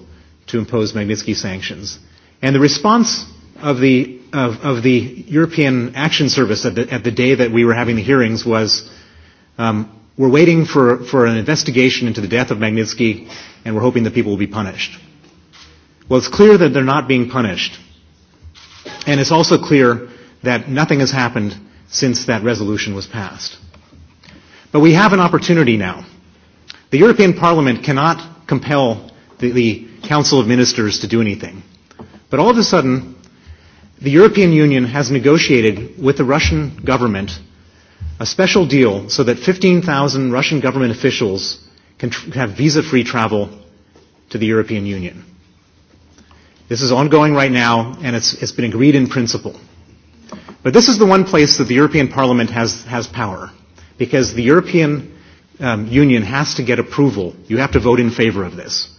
to impose Magnitsky sanctions. And the response of the, of, of the European Action Service at the, at the day that we were having the hearings was um, we're waiting for, for an investigation into the death of Magnitsky and we're hoping that people will be punished. Well, it's clear that they're not being punished. And it's also clear that nothing has happened since that resolution was passed. But we have an opportunity now. The European Parliament cannot compel the, the Council of Ministers to do anything. But all of a sudden, the European Union has negotiated with the Russian government a special deal so that 15,000 Russian government officials can tr- have visa free travel to the European Union. This is ongoing right now, and it's, it's been agreed in principle. But this is the one place that the European Parliament has, has power, because the European um, Union has to get approval. You have to vote in favor of this.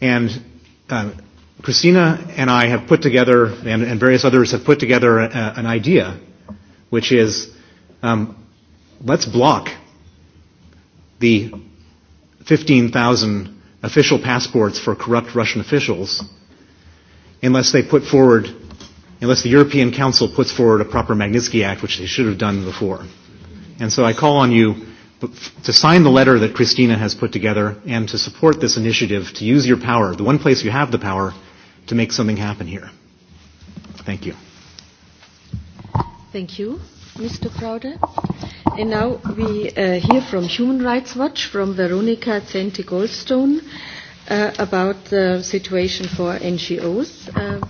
And uh, Christina and I have put together, and, and various others have put together a, a, an idea, which is um, let's block the 15,000 official passports for corrupt Russian officials unless they put forward unless the European Council puts forward a proper Magnitsky Act, which they should have done before. And so I call on you to sign the letter that Christina has put together and to support this initiative to use your power, the one place you have the power, to make something happen here. Thank you. Thank you, Mr. Crowder. And now we uh, hear from Human Rights Watch, from Veronica zenti Goldstone, uh, about the situation for NGOs. Uh,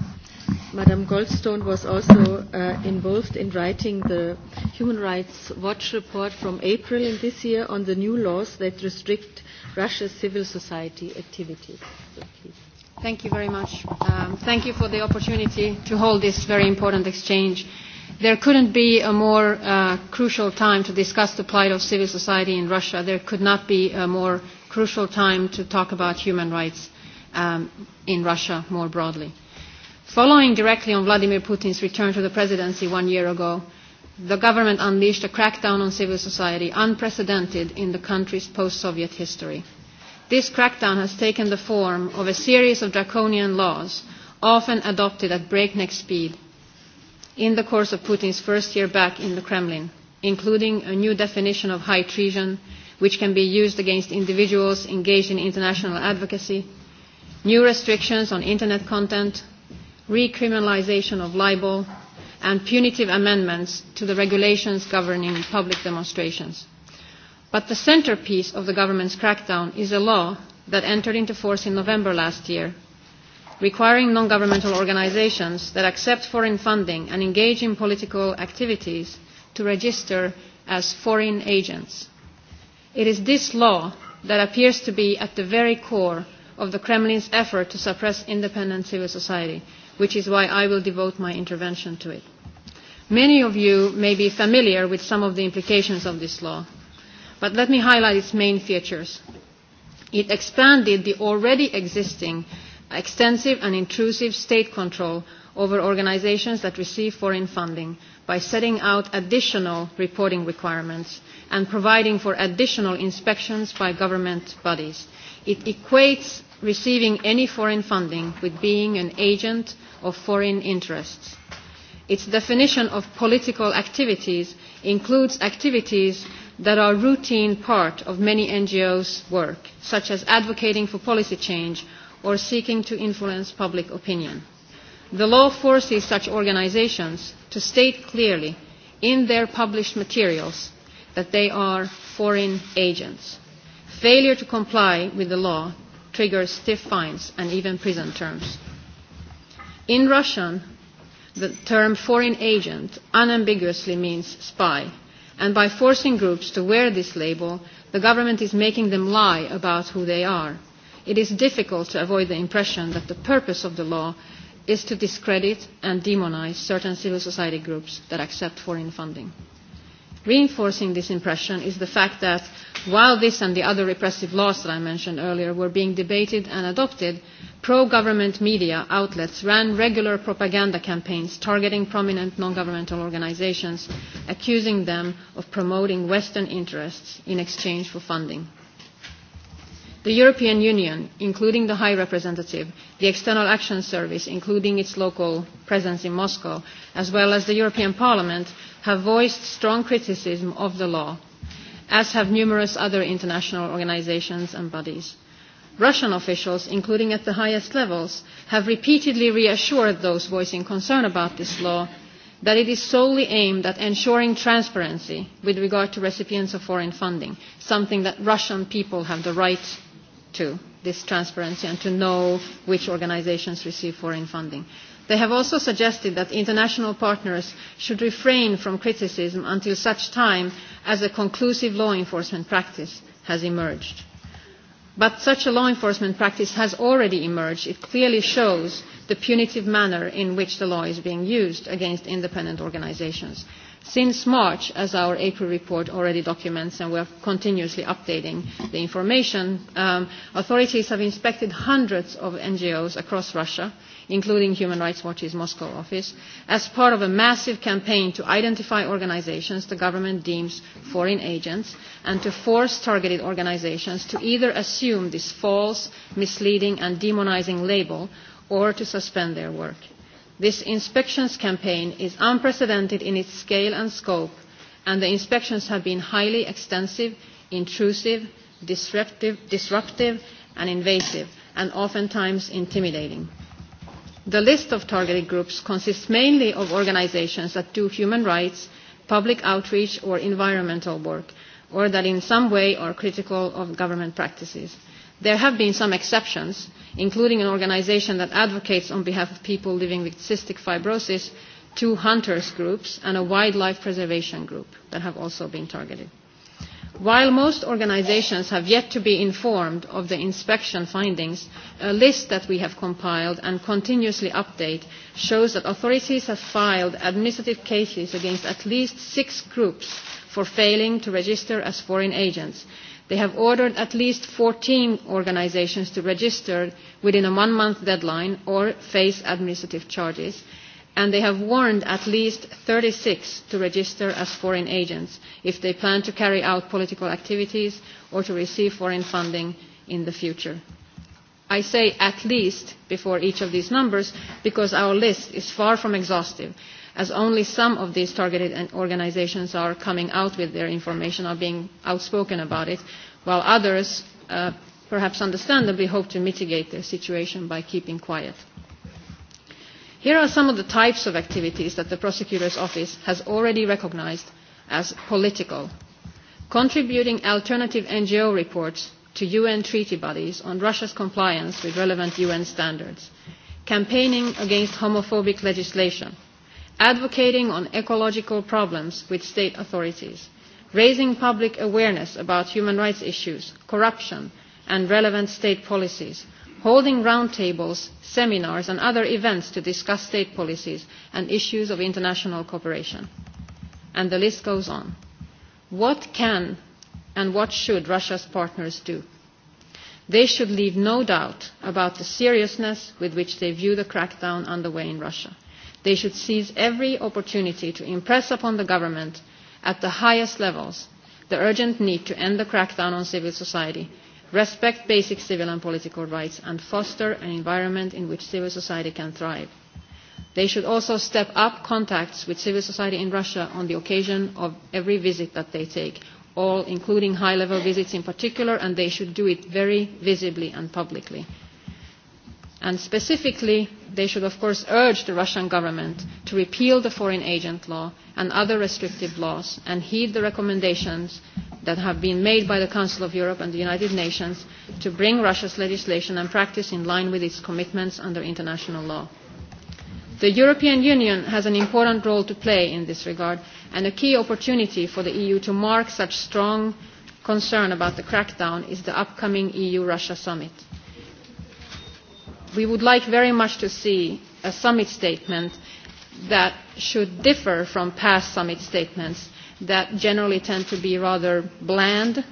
Madam Goldstone was also uh, involved in writing the Human Rights Watch report from April in this year on the new laws that restrict Russia's civil society activities. Thank you very much. Um, thank you for the opportunity to hold this very important exchange. There couldn't be a more uh, crucial time to discuss the plight of civil society in Russia. There could not be a more crucial time to talk about human rights um, in Russia more broadly. Following directly on Vladimir Putin's return to the presidency one year ago, the government unleashed a crackdown on civil society unprecedented in the country's post-Soviet history. This crackdown has taken the form of a series of draconian laws, often adopted at breakneck speed, in the course of Putin's first year back in the Kremlin, including a new definition of high treason, which can be used against individuals engaged in international advocacy, new restrictions on internet content, recriminalization of libel, and punitive amendments to the regulations governing public demonstrations. But the centerpiece of the government's crackdown is a law that entered into force in November last year, requiring non-governmental organizations that accept foreign funding and engage in political activities to register as foreign agents. It is this law that appears to be at the very core of the Kremlin's effort to suppress independent civil society which is why I will devote my intervention to it. Many of you may be familiar with some of the implications of this law, but let me highlight its main features. It expanded the already existing extensive and intrusive state control over organizations that receive foreign funding by setting out additional reporting requirements and providing for additional inspections by government bodies. It equates receiving any foreign funding with being an agent of foreign interests. Its definition of political activities includes activities that are routine part of many NGOs' work, such as advocating for policy change or seeking to influence public opinion. The law forces such organizations to state clearly in their published materials that they are foreign agents. Failure to comply with the law triggers stiff fines and even prison terms. In Russian, the term foreign agent unambiguously means spy, and by forcing groups to wear this label, the government is making them lie about who they are. It is difficult to avoid the impression that the purpose of the law is to discredit and demonize certain civil society groups that accept foreign funding. Reinforcing this impression is the fact that while this and the other repressive laws that I mentioned earlier were being debated and adopted, pro-government media outlets ran regular propaganda campaigns targeting prominent non-governmental organizations, accusing them of promoting Western interests in exchange for funding. The European Union, including the High Representative, the External Action Service, including its local presence in Moscow, as well as the European Parliament, have voiced strong criticism of the law, as have numerous other international organizations and bodies. Russian officials, including at the highest levels, have repeatedly reassured those voicing concern about this law that it is solely aimed at ensuring transparency with regard to recipients of foreign funding, something that Russian people have the right to this transparency and to know which organizations receive foreign funding. They have also suggested that international partners should refrain from criticism until such time as a conclusive law enforcement practice has emerged. But such a law enforcement practice has already emerged. It clearly shows the punitive manner in which the law is being used against independent organizations since March, as our April report already documents, and we are continuously updating the information, um, authorities have inspected hundreds of NGOs across Russia, including Human Rights Watch's Moscow office, as part of a massive campaign to identify organizations the government deems foreign agents and to force targeted organizations to either assume this false, misleading, and demonizing label or to suspend their work. This inspections campaign is unprecedented in its scale and scope, and the inspections have been highly extensive, intrusive, disruptive, disruptive and invasive, and oftentimes intimidating. The list of targeted groups consists mainly of organizations that do human rights, public outreach or environmental work, or that in some way are critical of government practices. There have been some exceptions, including an organization that advocates on behalf of people living with cystic fibrosis, two hunters groups, and a wildlife preservation group that have also been targeted. While most organizations have yet to be informed of the inspection findings, a list that we have compiled and continuously update shows that authorities have filed administrative cases against at least six groups for failing to register as foreign agents, They have ordered at least 14 organizations to register within a one-month deadline or face administrative charges, and they have warned at least 36 to register as foreign agents if they plan to carry out political activities or to receive foreign funding in the future. I say at least before each of these numbers because our list is far from exhaustive as only some of these targeted organizations are coming out with their information, or being outspoken about it, while others, uh, perhaps understandably, hope to mitigate their situation by keeping quiet. Here are some of the types of activities that the prosecutor's office has already recognized as political. Contributing alternative NGO reports to UN treaty bodies on Russia's compliance with relevant UN standards. Campaigning against homophobic legislation advocating on ecological problems with state authorities, raising public awareness about human rights issues, corruption, and relevant state policies, holding roundtables, seminars, and other events to discuss state policies and issues of international cooperation. And the list goes on. What can and what should Russia's partners do? They should leave no doubt about the seriousness with which they view the crackdown underway in Russia. They should seize every opportunity to impress upon the government at the highest levels the urgent need to end the crackdown on civil society, respect basic civil and political rights, and foster an environment in which civil society can thrive. They should also step up contacts with civil society in Russia on the occasion of every visit that they take, all including high-level visits in particular, and they should do it very visibly and publicly And specifically, they should of course urge the Russian government to repeal the foreign agent law and other restrictive laws and heed the recommendations that have been made by the Council of Europe and the United Nations to bring Russia's legislation and practice in line with its commitments under international law. The European Union has an important role to play in this regard and a key opportunity for the EU to mark such strong concern about the crackdown is the upcoming EU-Russia summit we would like very much to see a summit statement that should differ from past summit statements that generally tend to be rather bland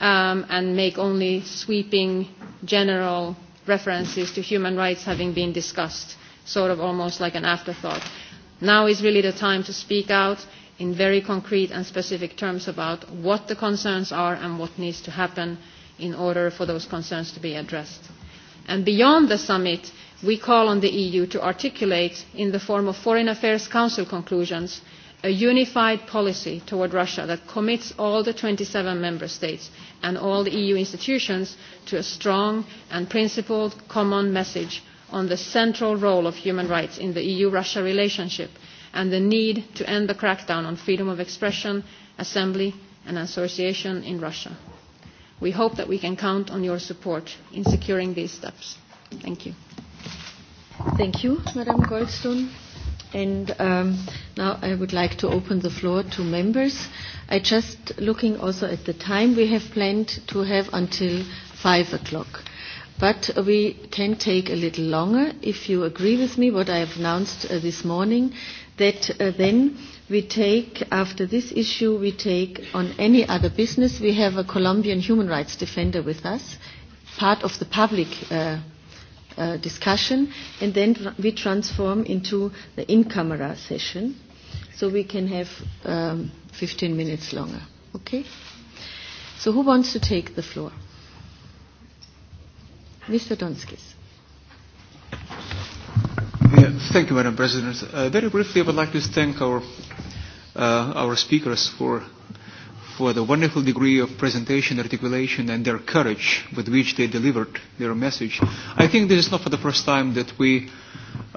um, and make only sweeping general references to human rights having been discussed, sort of almost like an afterthought. Now is really the time to speak out in very concrete and specific terms about what the concerns are and what needs to happen in order for those concerns to be addressed. And beyond the summit, we call on the EU to articulate, in the form of Foreign Affairs Council conclusions, a unified policy toward Russia that commits all the 27 member states and all the EU institutions to a strong and principled common message on the central role of human rights in the EU-Russia relationship and the need to end the crackdown on freedom of expression, assembly and association in Russia. We hope that we can count on your support in securing these steps. Thank you. Thank you, Madam Goldstone. And um, now I would like to open the floor to members. I just looking also at the time we have planned to have until five o'clock. But we can take a little longer if you agree with me what I have announced uh, this morning, that uh, then we take, after this issue, we take on any other business. We have a Colombian human rights defender with us, part of the public uh, uh, discussion, and then we transform into the in-camera session, so we can have um, 15 minutes longer. Okay? So who wants to take the floor? Mr. Donskis. Yeah, thank you, Madam President. Uh, very briefly, I would like to thank our, uh, our speakers for, for the wonderful degree of presentation, articulation, and their courage with which they delivered their message. I think this is not for the first time that we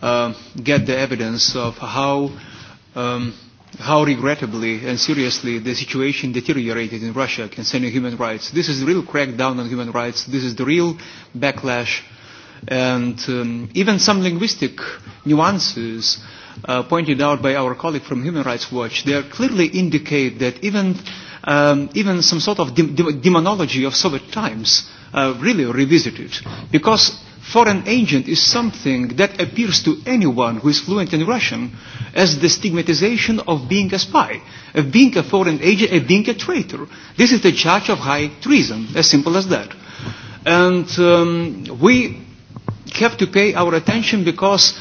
uh, get the evidence of how, um, how regrettably and seriously the situation deteriorated in Russia concerning human rights. This is the real crackdown on human rights. This is the real backlash and um, even some linguistic nuances uh, pointed out by our colleague from Human Rights Watch, they clearly indicate that even, um, even some sort of de- de- demonology of Soviet times uh, really revisited, because foreign agent is something that appears to anyone who is fluent in Russian as the stigmatization of being a spy, of being a foreign agent, of being a traitor. This is the charge of high treason, as simple as that. And um, we have to pay our attention because,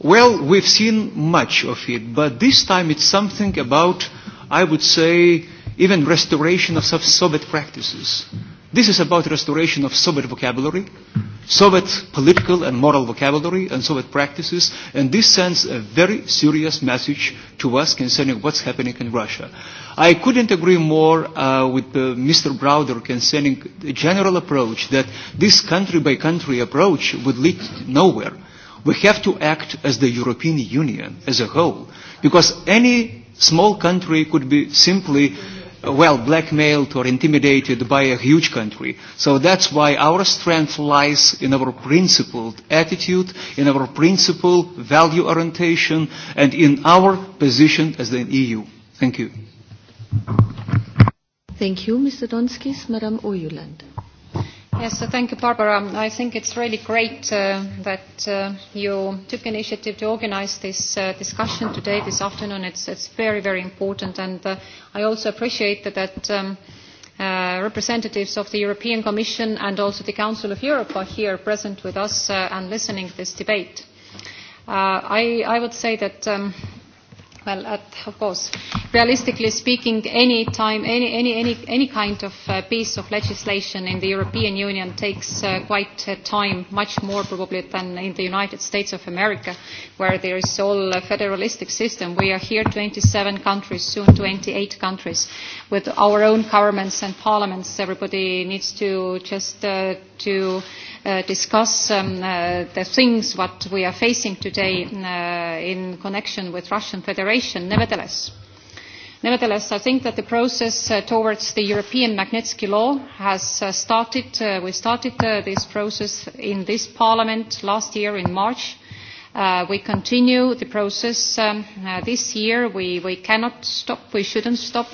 well, we've seen much of it, but this time it's something about, I would say, even restoration of Soviet practices. This is about restoration of Soviet vocabulary, Soviet political and moral vocabulary, and Soviet practices, and this sends a very serious message to us concerning what's happening in Russia. I couldn't agree more uh, with uh, Mr. Browder concerning the general approach that this country-by-country -country approach would lead nowhere. We have to act as the European Union as a whole, because any small country could be simply uh, well, blackmailed or intimidated by a huge country. So that's why our strength lies in our principled attitude, in our principled value orientation, and in our position as the EU. Thank you. Thank you, Mr. Donskis. Madam Oyuland. Yes, so thank you, Barbara. I think it's really great uh, that uh, you took initiative to organize this uh, discussion today, this afternoon. It's, it's very, very important. And uh, I also appreciate that, that um, uh, representatives of the European Commission and also the Council of Europe are here present with us uh, and listening to this debate. Uh, I, I would say that um, well, at, of course, realistically speaking, any time, any, any, any, any kind of uh, piece of legislation in the European Union takes uh, quite uh, time, much more probably than in the United States of America, where there is all a federalistic system. We are here 27 countries, soon 28 countries, with our own governments and parliaments. Everybody needs to just uh, to uh, discuss um, uh, the things what we are facing today uh, in connection with Russian Federation. Nevertheless, Nevertheless, I think that the process uh, towards the European Magnitsky Law has uh, started. Uh, we started uh, this process in this Parliament last year in March. Uh, we continue the process um, uh, this year. We, we cannot stop. We shouldn't stop.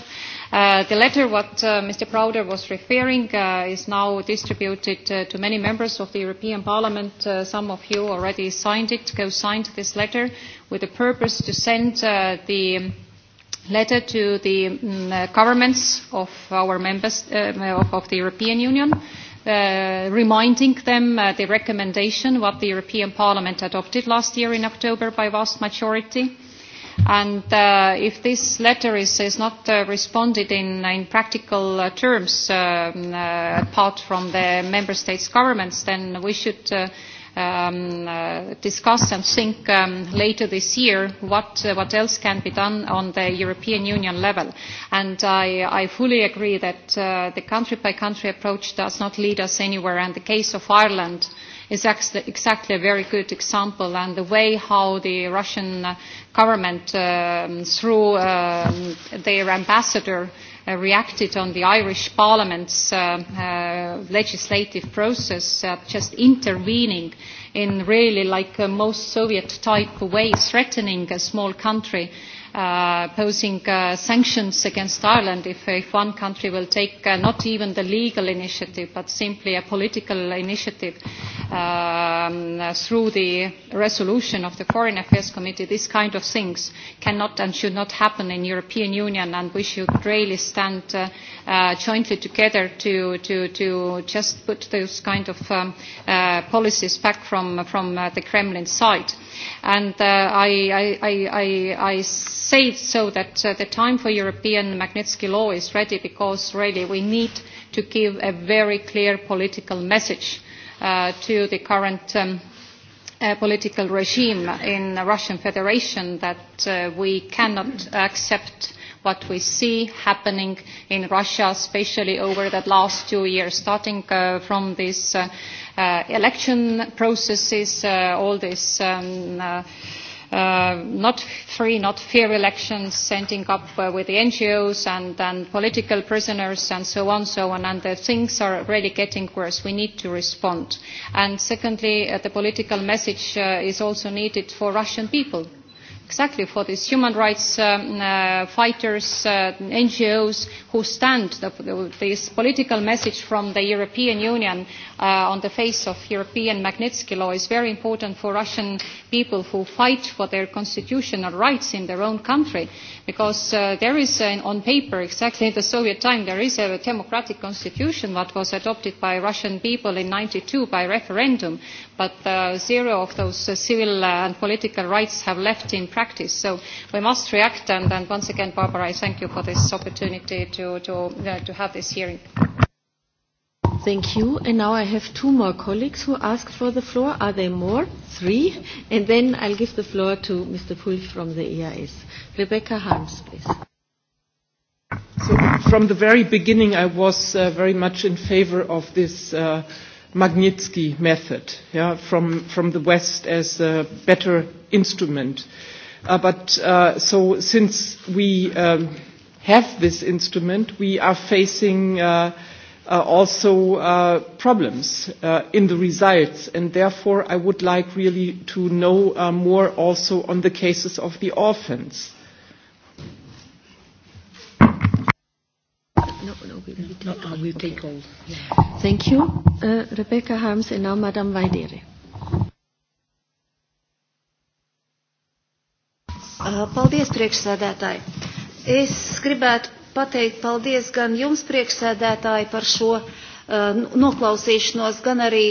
Uh, the letter what uh, Mr. Prouder was referring uh, is now distributed uh, to many members of the European Parliament. Uh, some of you already signed it, co-signed this letter with the purpose to send uh, the letter to the um, governments of our members uh, of, of the European Union. Uh, reminding them uh, the recommendation what the European Parliament adopted last year in October by vast majority And uh, if this letter is, is not uh, responded in, in practical uh, terms, um, uh, apart from the member states' governments, then we should uh, um, uh, discuss and think um, later this year what, uh, what else can be done on the European Union level. And I, I fully agree that uh, the country-by-country -country approach does not lead us anywhere. And the case of Ireland is actually, exactly a very good example and the way how the Russian uh, government uh, through uh, their ambassador uh, reacted on the Irish Parliament's uh, uh, legislative process, uh, just intervening in really like a most Soviet type way, threatening a small country uh, posing uh, sanctions against Ireland if, if one country will take uh, not even the legal initiative but simply a political initiative um, uh, through the resolution of the Foreign Affairs Committee. These kind of things cannot and should not happen in European Union and we should really stand uh, uh, jointly together to, to, to just put those kind of um, uh, policies back from, from uh, the Kremlin side. And uh, I, I, I, I, say it so that uh, the time for European Magnitsky Law is ready because really we need to give a very clear political message uh, to the current um, Uh, political regime in the Russian Federation that uh, we cannot accept what we see happening in Russia, especially over the last two years, starting uh, from these uh, uh, election processes, uh, all this um, uh, uh, not free, not fair elections, ending up uh, with the NGOs and, and political prisoners and so on, so on, and the things are really getting worse. We need to respond. And secondly, uh, the political message uh, is also needed for Russian people exactly for these human rights um, uh, fighters, uh, NGOs who stand the, the, this political message from the European Union uh, on the face of European Magnitsky law is very important for Russian people who fight for their constitutional rights in their own country because uh, there is an, uh, on paper exactly in the Soviet time there is a democratic constitution that was adopted by Russian people in 92 by referendum but uh, zero of those uh, civil uh, and political rights have left in practice. So we must react, and, and once again, Barbara, I thank you for this opportunity to, to, uh, to have this hearing. Thank you. And now I have two more colleagues who asked for the floor. Are there more? Three. And then I'll give the floor to Mr. Pulf from the EIS. Rebecca Harms, please. So from the very beginning, I was uh, very much in favor of this uh, Magnitsky method yeah, from, from the West as a better instrument. Uh, but uh, so since we um, have this instrument, we are facing uh, uh, also uh, problems uh, in the results. And therefore, I would like really to know uh, more also on the cases of the orphans No, no, we, we take, no, all. We'll take all. Yeah. Thank you, uh, Rebecca Harms, and now Madame Vaidere. Uh, paldies, priekšsēdētāji. Es gribētu pateikt paldies gan jums, priekšsēdētāji, par šo uh, noklausīšanos, gan arī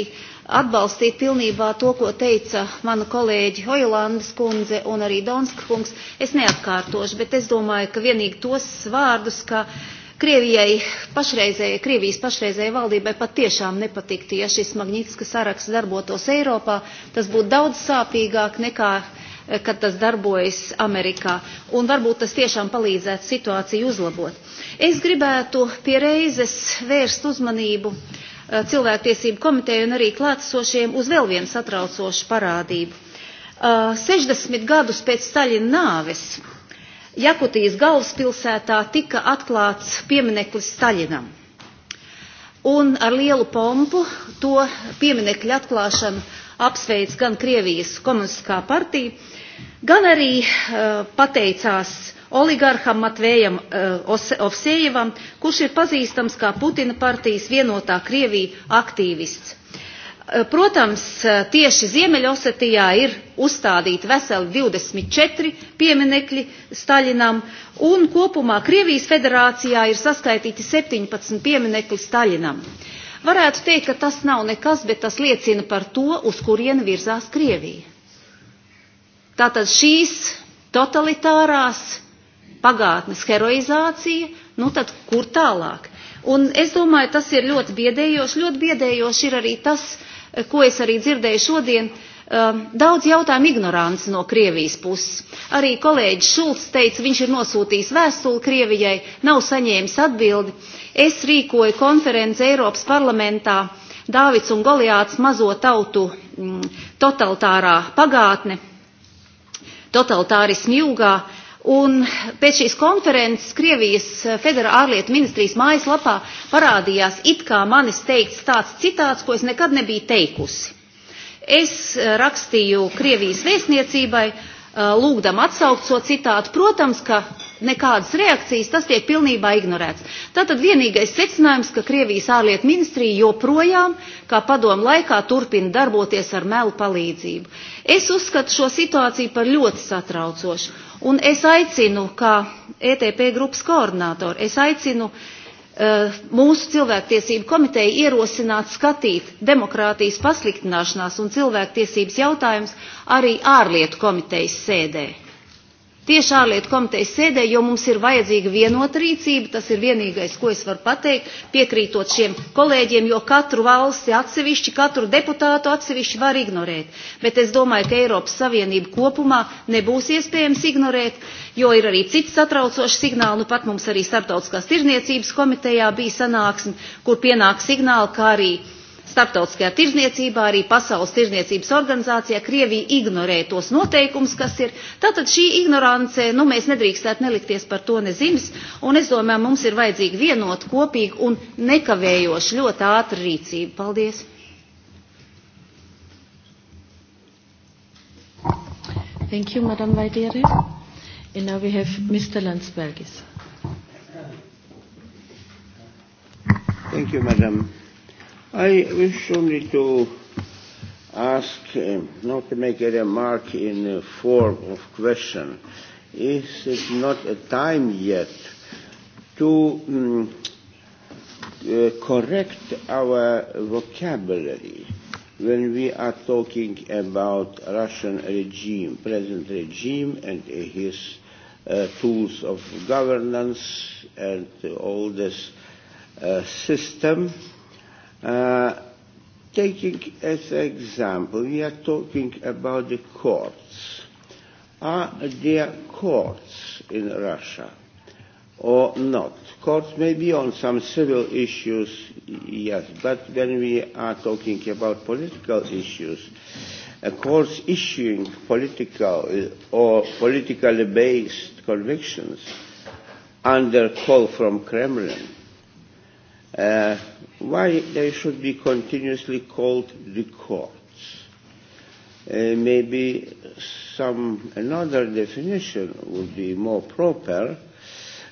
atbalstīt pilnībā to, ko teica mana kolēģi Hojlandes kundze un arī Donska kungs. Es neatkārtošu, bet es domāju, ka vienīgi tos vārdus, ka uh, Krievijai pašreizējai, Krievijas pašreizējai valdībai patiešām nepatiktu, ja šis Magnitska saraksts darbotos Eiropā. Tas būtu daudz sāpīgāk nekā eh, kad tas darbojas Amerikā. Un varbūt tas tiešām palīdzētu situāciju uzlabot. Es gribētu pie reizes vērst uzmanību eh, cilvēktiesību komiteju un arī klātesošiem uz vēl vienu satraucošu parādību. 60 eh, gadus pēc Staļina nāves Jakutijas galvaspilsētā tika atklāts piemineklis Staļinam. Un ar lielu pompu to pieminekļu atklāšanu apsveic gan Krievijas komunistiskā partija, gan arī uh, pateicās oligarham Matvējam uh, Ovsejevam, kurš ir pazīstams kā Putina partijas vienotā Krievija aktīvists Eh, protams, eh, tieši Ziemeļosetijā ir uzstādīti veseli 24 pieminekļi Staļinam, un kopumā Krievijas federācijā ir saskaitīti 17 pieminekļi Staļinam. Varētu teikt, ka tas nav nekas, bet tas liecina par to, uz kurienu virzās Krievija. Tātad šīs totalitārās pagātnes heroizācija, nu tad kur tālāk? Un es domāju, tas ir ļoti biedējoši. Ļoti biedējoši ir arī tas, ko es arī dzirdēju šodien, um, daudz jautājumu ignorants no Krievijas puses. Arī kolēģis Šulcs teica, viņš ir nosūtījis vēstuli Krievijai, nav saņēmis atbildi. Es rīkoju konferenci Eiropas parlamentā Dāvids un Goliāts mazo tautu mm, totalitārā pagātne, totalitārismu jūgā, Un pēc šīs konferences Krievijas eh, federa ārlietu ministrijas lapā parādījās it kā manis teikts tāds citāts, ko es nekad nebiju teikusi. Es eh, rakstīju Krievijas vēstniecībai, eh, lūgdam atsaukt šo so citātu. Protams, ka nekādas reakcijas tas tiek pilnībā ignorēts. Tātad vienīgais secinājums, ka Krievijas ārlietu ministrija joprojām, kā padomu laikā, turpina darboties ar melu palīdzību. Es uzskatu šo situāciju par ļoti satraucošu Un es aicinu, kā ETP grupas koordinātori, es aicinu uh, mūsu cilvēktiesību komiteju ierosināt skatīt demokrātijas pasliktināšanās un cilvēktiesības jautājumus arī ārlietu komitejas sēdē. Tieši ārlietu komitejas sēdē, jo mums ir vajadzīga vienota rīcība, tas ir vienīgais, ko es varu pateikt, piekrītot šiem kolēģiem, jo katru valsti atsevišķi, katru deputātu atsevišķi var ignorēt. Bet es domāju, ka Eiropas Savienība kopumā nebūs iespējams ignorēt, jo ir arī cits satraucošs signāls. nu pat mums arī starptautiskās tirniecības komitejā bija sanāksme, kur pienāk signāli, kā arī starptautiskajā tirzniecībā, arī Pasaules tirzniecības organizācijā Krievija ignorē tos noteikumus, kas ir. Tātad šī ignorance, nu mēs nedrīkstētu nelikties par to nezinis, un es domāju, mums ir vajadzīga vienota, kopīga un nekavējoša ļoti ātra rīcība. Paldies! Thank you, Madam Vaidere. And now we have Mr. Landsbergis. Thank you, Madam I wish only to ask, uh, not to make a remark in the uh, form of question. Is it not a time yet to um, uh, correct our vocabulary when we are talking about Russian regime, present regime, and uh, his uh, tools of governance and uh, all this uh, system? Uh, taking as an example, we are talking about the courts. Are there courts in Russia or not? Courts may be on some civil issues, yes, but when we are talking about political issues, a court issuing political uh, or politically based convictions under call from Kremlin uh, why they should be continuously called the courts. Uh, maybe some another definition would be more proper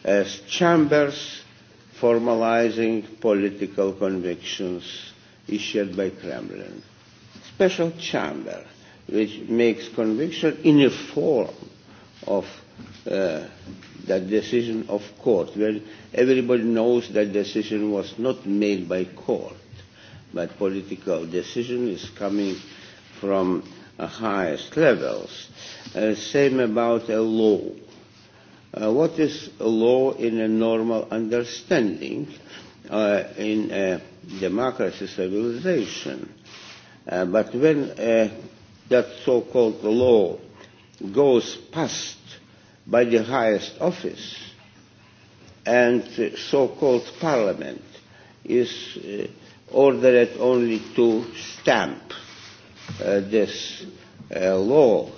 as chambers formalizing political convictions issued by Kremlin. Special chamber which makes conviction in a form of uh, that decision of court, well, everybody knows that decision was not made by court, but political decision is coming from uh, highest levels. Uh, same about a law. Uh, what is a law in a normal understanding uh, in a democracy civilization? Uh, but when uh, that so-called law goes past by the highest office and uh, so-called parliament is uh, ordered only to stamp uh, this uh, law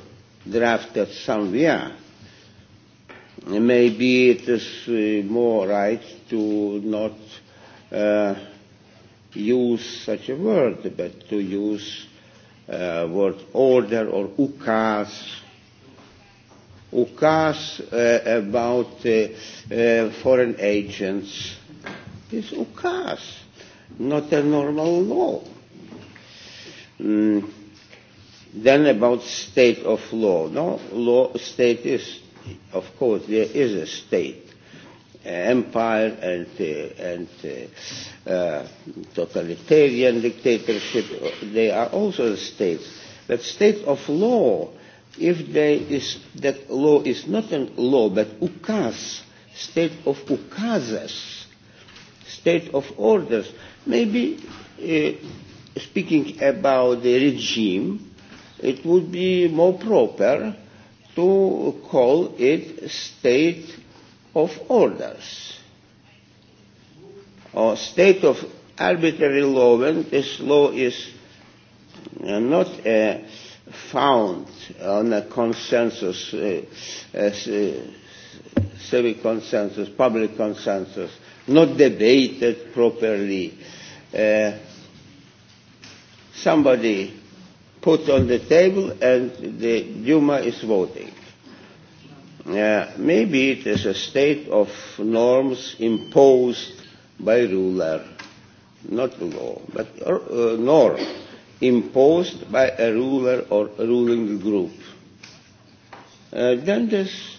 drafted somewhere. Maybe it is uh, more right to not uh, use such a word, but to use uh, word order or ukas UCAS uh, about uh, uh, foreign agents. It's UCAS, not a normal law. Mm. Then about state of law. No, law state is, of course, there is a state, uh, empire and uh, and uh, uh, totalitarian dictatorship. Uh, they are also states. But state of law if they is, that law is not a law but ukaz, state of ukazes, state of orders, maybe uh, speaking about the regime, it would be more proper to call it state of orders or state of arbitrary law when this law is uh, not a uh, found on a consensus, uh, uh, civic consensus, public consensus, not debated properly. Uh, somebody put on the table and the Duma is voting. Uh, maybe it is a state of norms imposed by ruler, not law, but uh, norm imposed by a ruler or ruling group. Uh, then this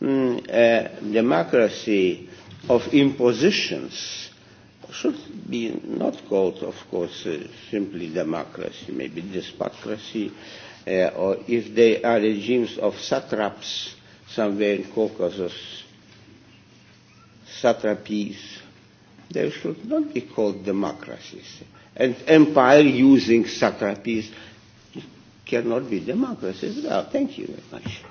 mm, uh, democracy of impositions should be not called, of course, uh, simply democracy, maybe despotcracy, uh, or if they are regimes of satraps somewhere in Caucasus, satrapies, they should not be called democracies. And empire using satrapies cannot be democracy. Well, thank you very much.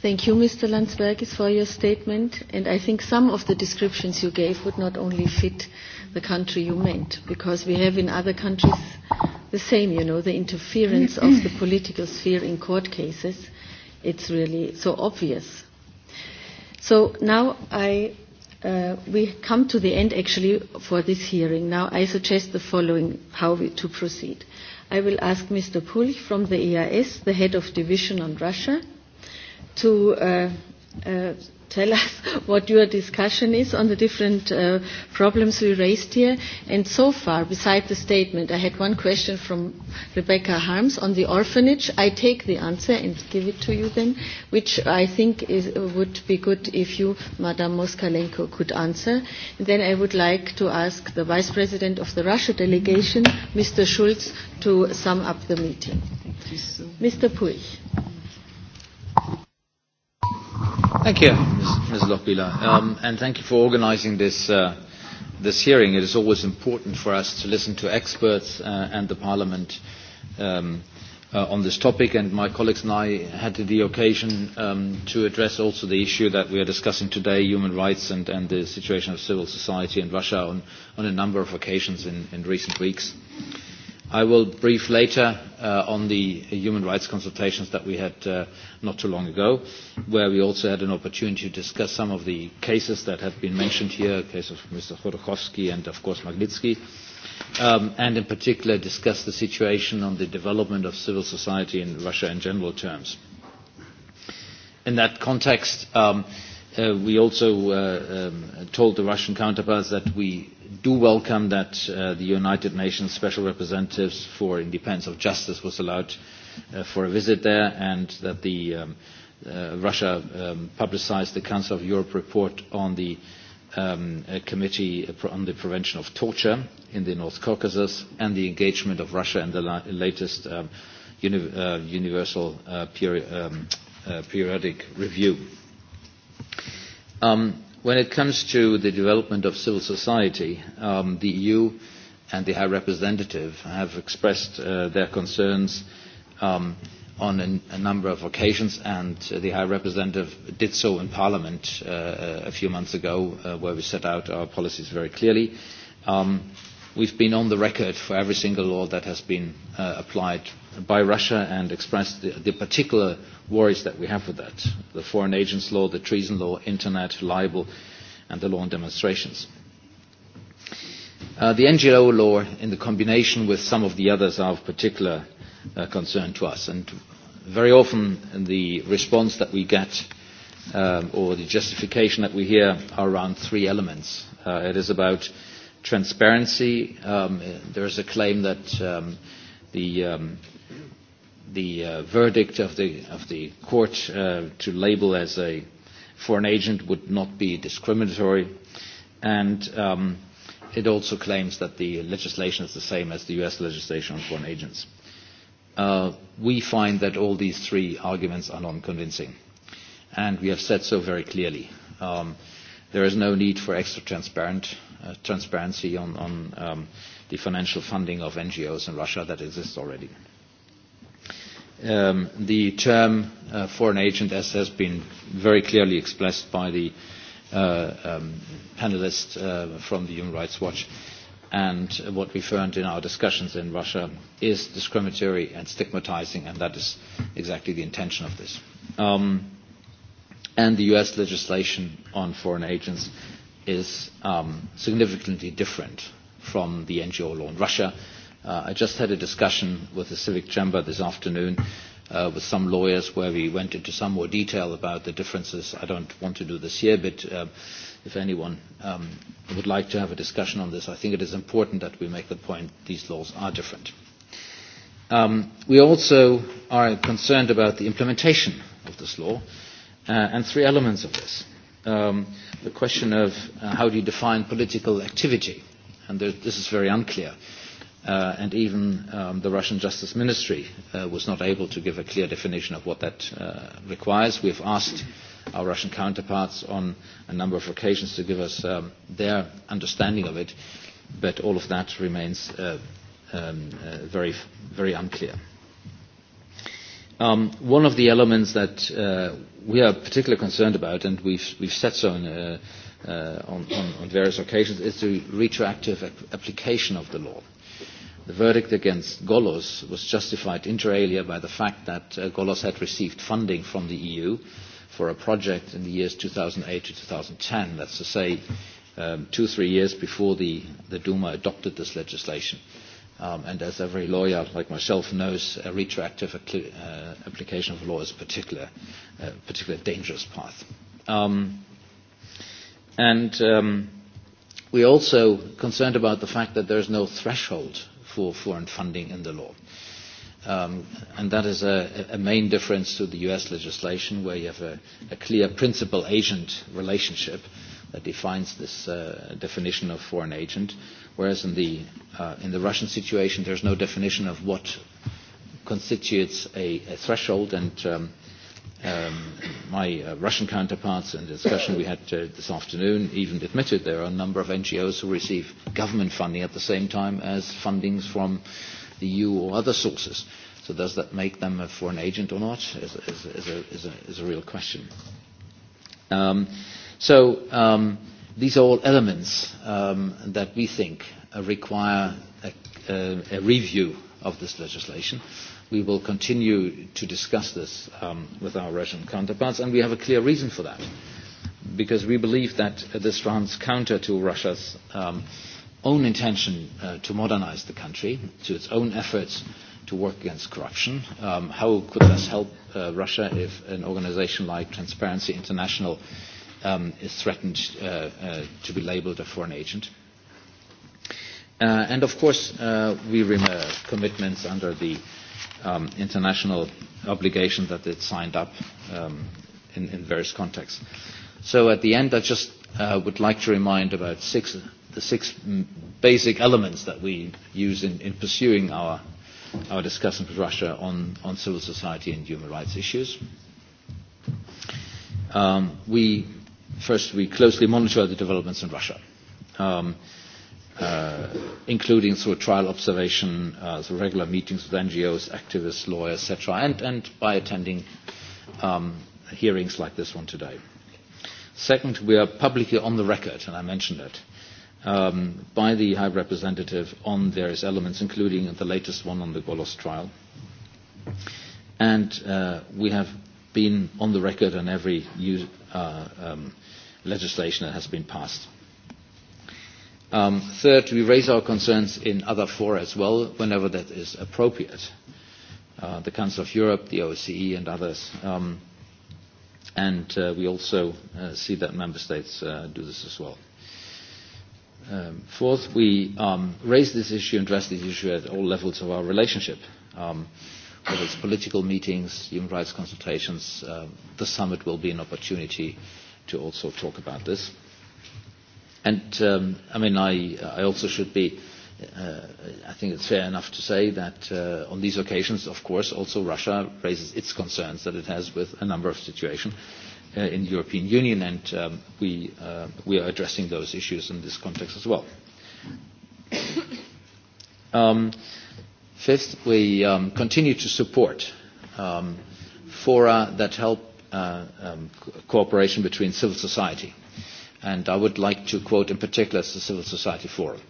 Thank you, Mr. Landsbergis, for your statement. And I think some of the descriptions you gave would not only fit the country you meant, because we have in other countries the same, you know, the interference of the political sphere in court cases. It's really so obvious. So now I Uh, we come to the end actually for this hearing. Now I suggest the following how we, to proceed. I will ask Mr. Pulch from the EIS, the head of division on Russia, to uh, uh, tell us what your discussion is on the different uh, problems we raised here. And so far, beside the statement, I had one question from Rebecca Harms on the orphanage. I take the answer and give it to you then, which I think is, would be good if you, Madame Moskalenko, could answer. And then I would like to ask the Vice President of the Russia delegation, Mr. Schulz, to sum up the meeting. Thank you so much. Mr. Puig. Thank you, Ms. Lochbihler, um, and thank you for organizing this, uh, this hearing. It is always important for us to listen to experts uh, and the Parliament um, uh, on this topic, and my colleagues and I had the occasion um, to address also the issue that we are discussing today, human rights and, and the situation of civil society in Russia, on, on a number of occasions in, in recent weeks. Uh, I will brief later uh, on the human rights consultations that we had uh, not too long ago, where we also had an opportunity to discuss some of the cases that have been mentioned here, the case of Mr. Khodorkovsky and, of course, Magnitsky, um, and in particular discuss the situation on the development of civil society in Russia in general terms. In that context, um, Uh, we also uh, um, told the Russian counterparts that we do welcome that uh, the United Nations Special Representatives for Independence of Justice was allowed uh, for a visit there and that the, um, uh, Russia um, publicized the Council of Europe report on the um, uh, committee on the prevention of torture in the North Caucasus and the engagement of Russia in the la latest um, uni uh, universal uh, peri um, uh, periodic review. Um, when it comes to the development of civil society, um, the EU and the High Representative have expressed uh, their concerns um, on a, a number of occasions, and the High Representative did so in Parliament uh, a few months ago, uh, where we set out our policies very clearly. Um, We've been on the record for every single law that has been uh, applied by Russia and expressed the, the particular worries that we have with that. The foreign agents law, the treason law, internet, libel, and the law on demonstrations. Uh, the NGO law in the combination with some of the others are of particular uh, concern to us. And very often the response that we get um, or the justification that we hear are around three elements. Uh, it is about transparency. Um, there is a claim that um, the um, the uh, verdict of the of the court uh, to label as a foreign agent would not be discriminatory, and um, it also claims that the legislation is the same as the U.S. legislation on foreign agents. Uh, we find that all these three arguments are non-convincing, and we have said so very clearly. Um, there is no need for extra transparent uh, transparency on, on um, the financial funding of NGOs in Russia that exists already. Um, the term uh, foreign agent, as has been very clearly expressed by the uh, um, panelist uh, from the Human Rights Watch, and what we found in our discussions in Russia is discriminatory and stigmatizing, and that is exactly the intention of this. Um, and the US legislation on foreign agents is um, significantly different from the NGO law in Russia. Uh, I just had a discussion with the Civic Chamber this afternoon uh, with some lawyers where we went into some more detail about the differences. I don't want to do this here, but uh, if anyone um, would like to have a discussion on this, I think it is important that we make the point these laws are different. Um, we also are concerned about the implementation of this law uh, and three elements of this um, the question of uh, how do you define political activity, and there, this is very unclear. Uh, and even um, the Russian Justice Ministry uh, was not able to give a clear definition of what that uh, requires. We have asked our Russian counterparts on a number of occasions to give us um, their understanding of it, but all of that remains uh, um, uh, very, very unclear. Um, one of the elements that uh, we are particularly concerned about, and we've, we've said so in, uh, uh, on, on, various occasions, is the retroactive ap- application of the law. The verdict against Golos was justified inter alia by the fact that uh, Golos had received funding from the EU for a project in the years 2008 to 2010, that's to say, um, two, three years before the, the Duma adopted this legislation. Uh, Um, and as every lawyer like myself knows, a retroactive uh, application of law is a particular, uh, particular dangerous path. Um, and um, we're also concerned about the fact that there's no threshold for foreign funding in the law. Um, and that is a, a main difference to the US legislation, where you have a, a clear principal agent relationship that defines this uh, definition of foreign agent whereas in the, uh, in the Russian situation, there's no definition of what constitutes a, a threshold, and um, um, my uh, Russian counterparts in the discussion we had uh, this afternoon even admitted there are a number of NGOs who receive government funding at the same time as fundings from the EU or other sources. So does that make them a foreign agent or not is, is, is, a, is, a, is a real question. Um, so um, These are all elements um, that we think uh, require a, uh, a review of this legislation. We will continue to discuss this um, with our Russian counterparts, and we have a clear reason for that, because we believe that this runs counter to Russia's um, own intention uh, to modernize the country, to its own efforts to work against corruption. Um, how could this help uh, Russia if an organization like Transparency International uh, um, is threatened uh, uh, to be labeled a foreign agent. Uh, and of course, uh, we remember uh, commitments under the um, international obligation that it signed up um, in, in various contexts. So at the end, I just uh, would like to remind about six, the six basic elements that we use in, in pursuing our, our discussion with Russia on, on civil society and human rights issues. Um, we First, we closely monitor the developments in Russia, um, uh, including through trial observation, uh, through regular meetings with NGOs, activists, lawyers, etc., and, and by attending um, hearings like this one today. Second, we are publicly on the record, and I mentioned it, um, by the High Representative on various elements, including the latest one on the Golos trial. And uh, we have been on the record on every uh, um, legislation that has been passed. Um, third, we raise our concerns in other fora as well, whenever that is appropriate. Uh, the Council of Europe, the OSCE, and others. Um, and uh, we also uh, see that member states uh, do this as well. Um, fourth, we um, raise this issue and address this issue at all levels of our relationship, um, whether it's political meetings, human rights consultations. Uh, the summit will be an opportunity to also talk about this. And um, I mean, I, I also should be, uh, I think it's fair enough to say that uh, on these occasions, of course, also Russia raises its concerns that it has with a number of situations uh, in the European Union, and um, we, uh, we are addressing those issues in this context as well. um, fifth, we um, continue to support um, fora that help Uh, um, cooperation between civil society. And I would like to quote in particular the Civil Society Forum,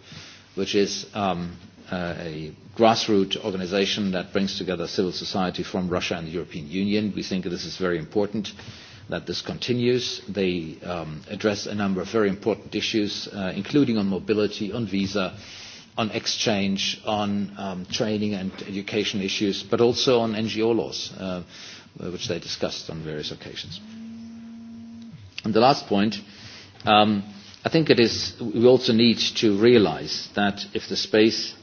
which is um, uh, a grassroots organization that brings together civil society from Russia and the European Union. We think this is very important that this continues. They um, address a number of very important issues, uh, including on mobility, on visa, on exchange, on um, training and education issues, but also on NGO laws. Uh, Uh, which they discussed on various occasions. And the last point, um, I think it is, we also need to realize that if the space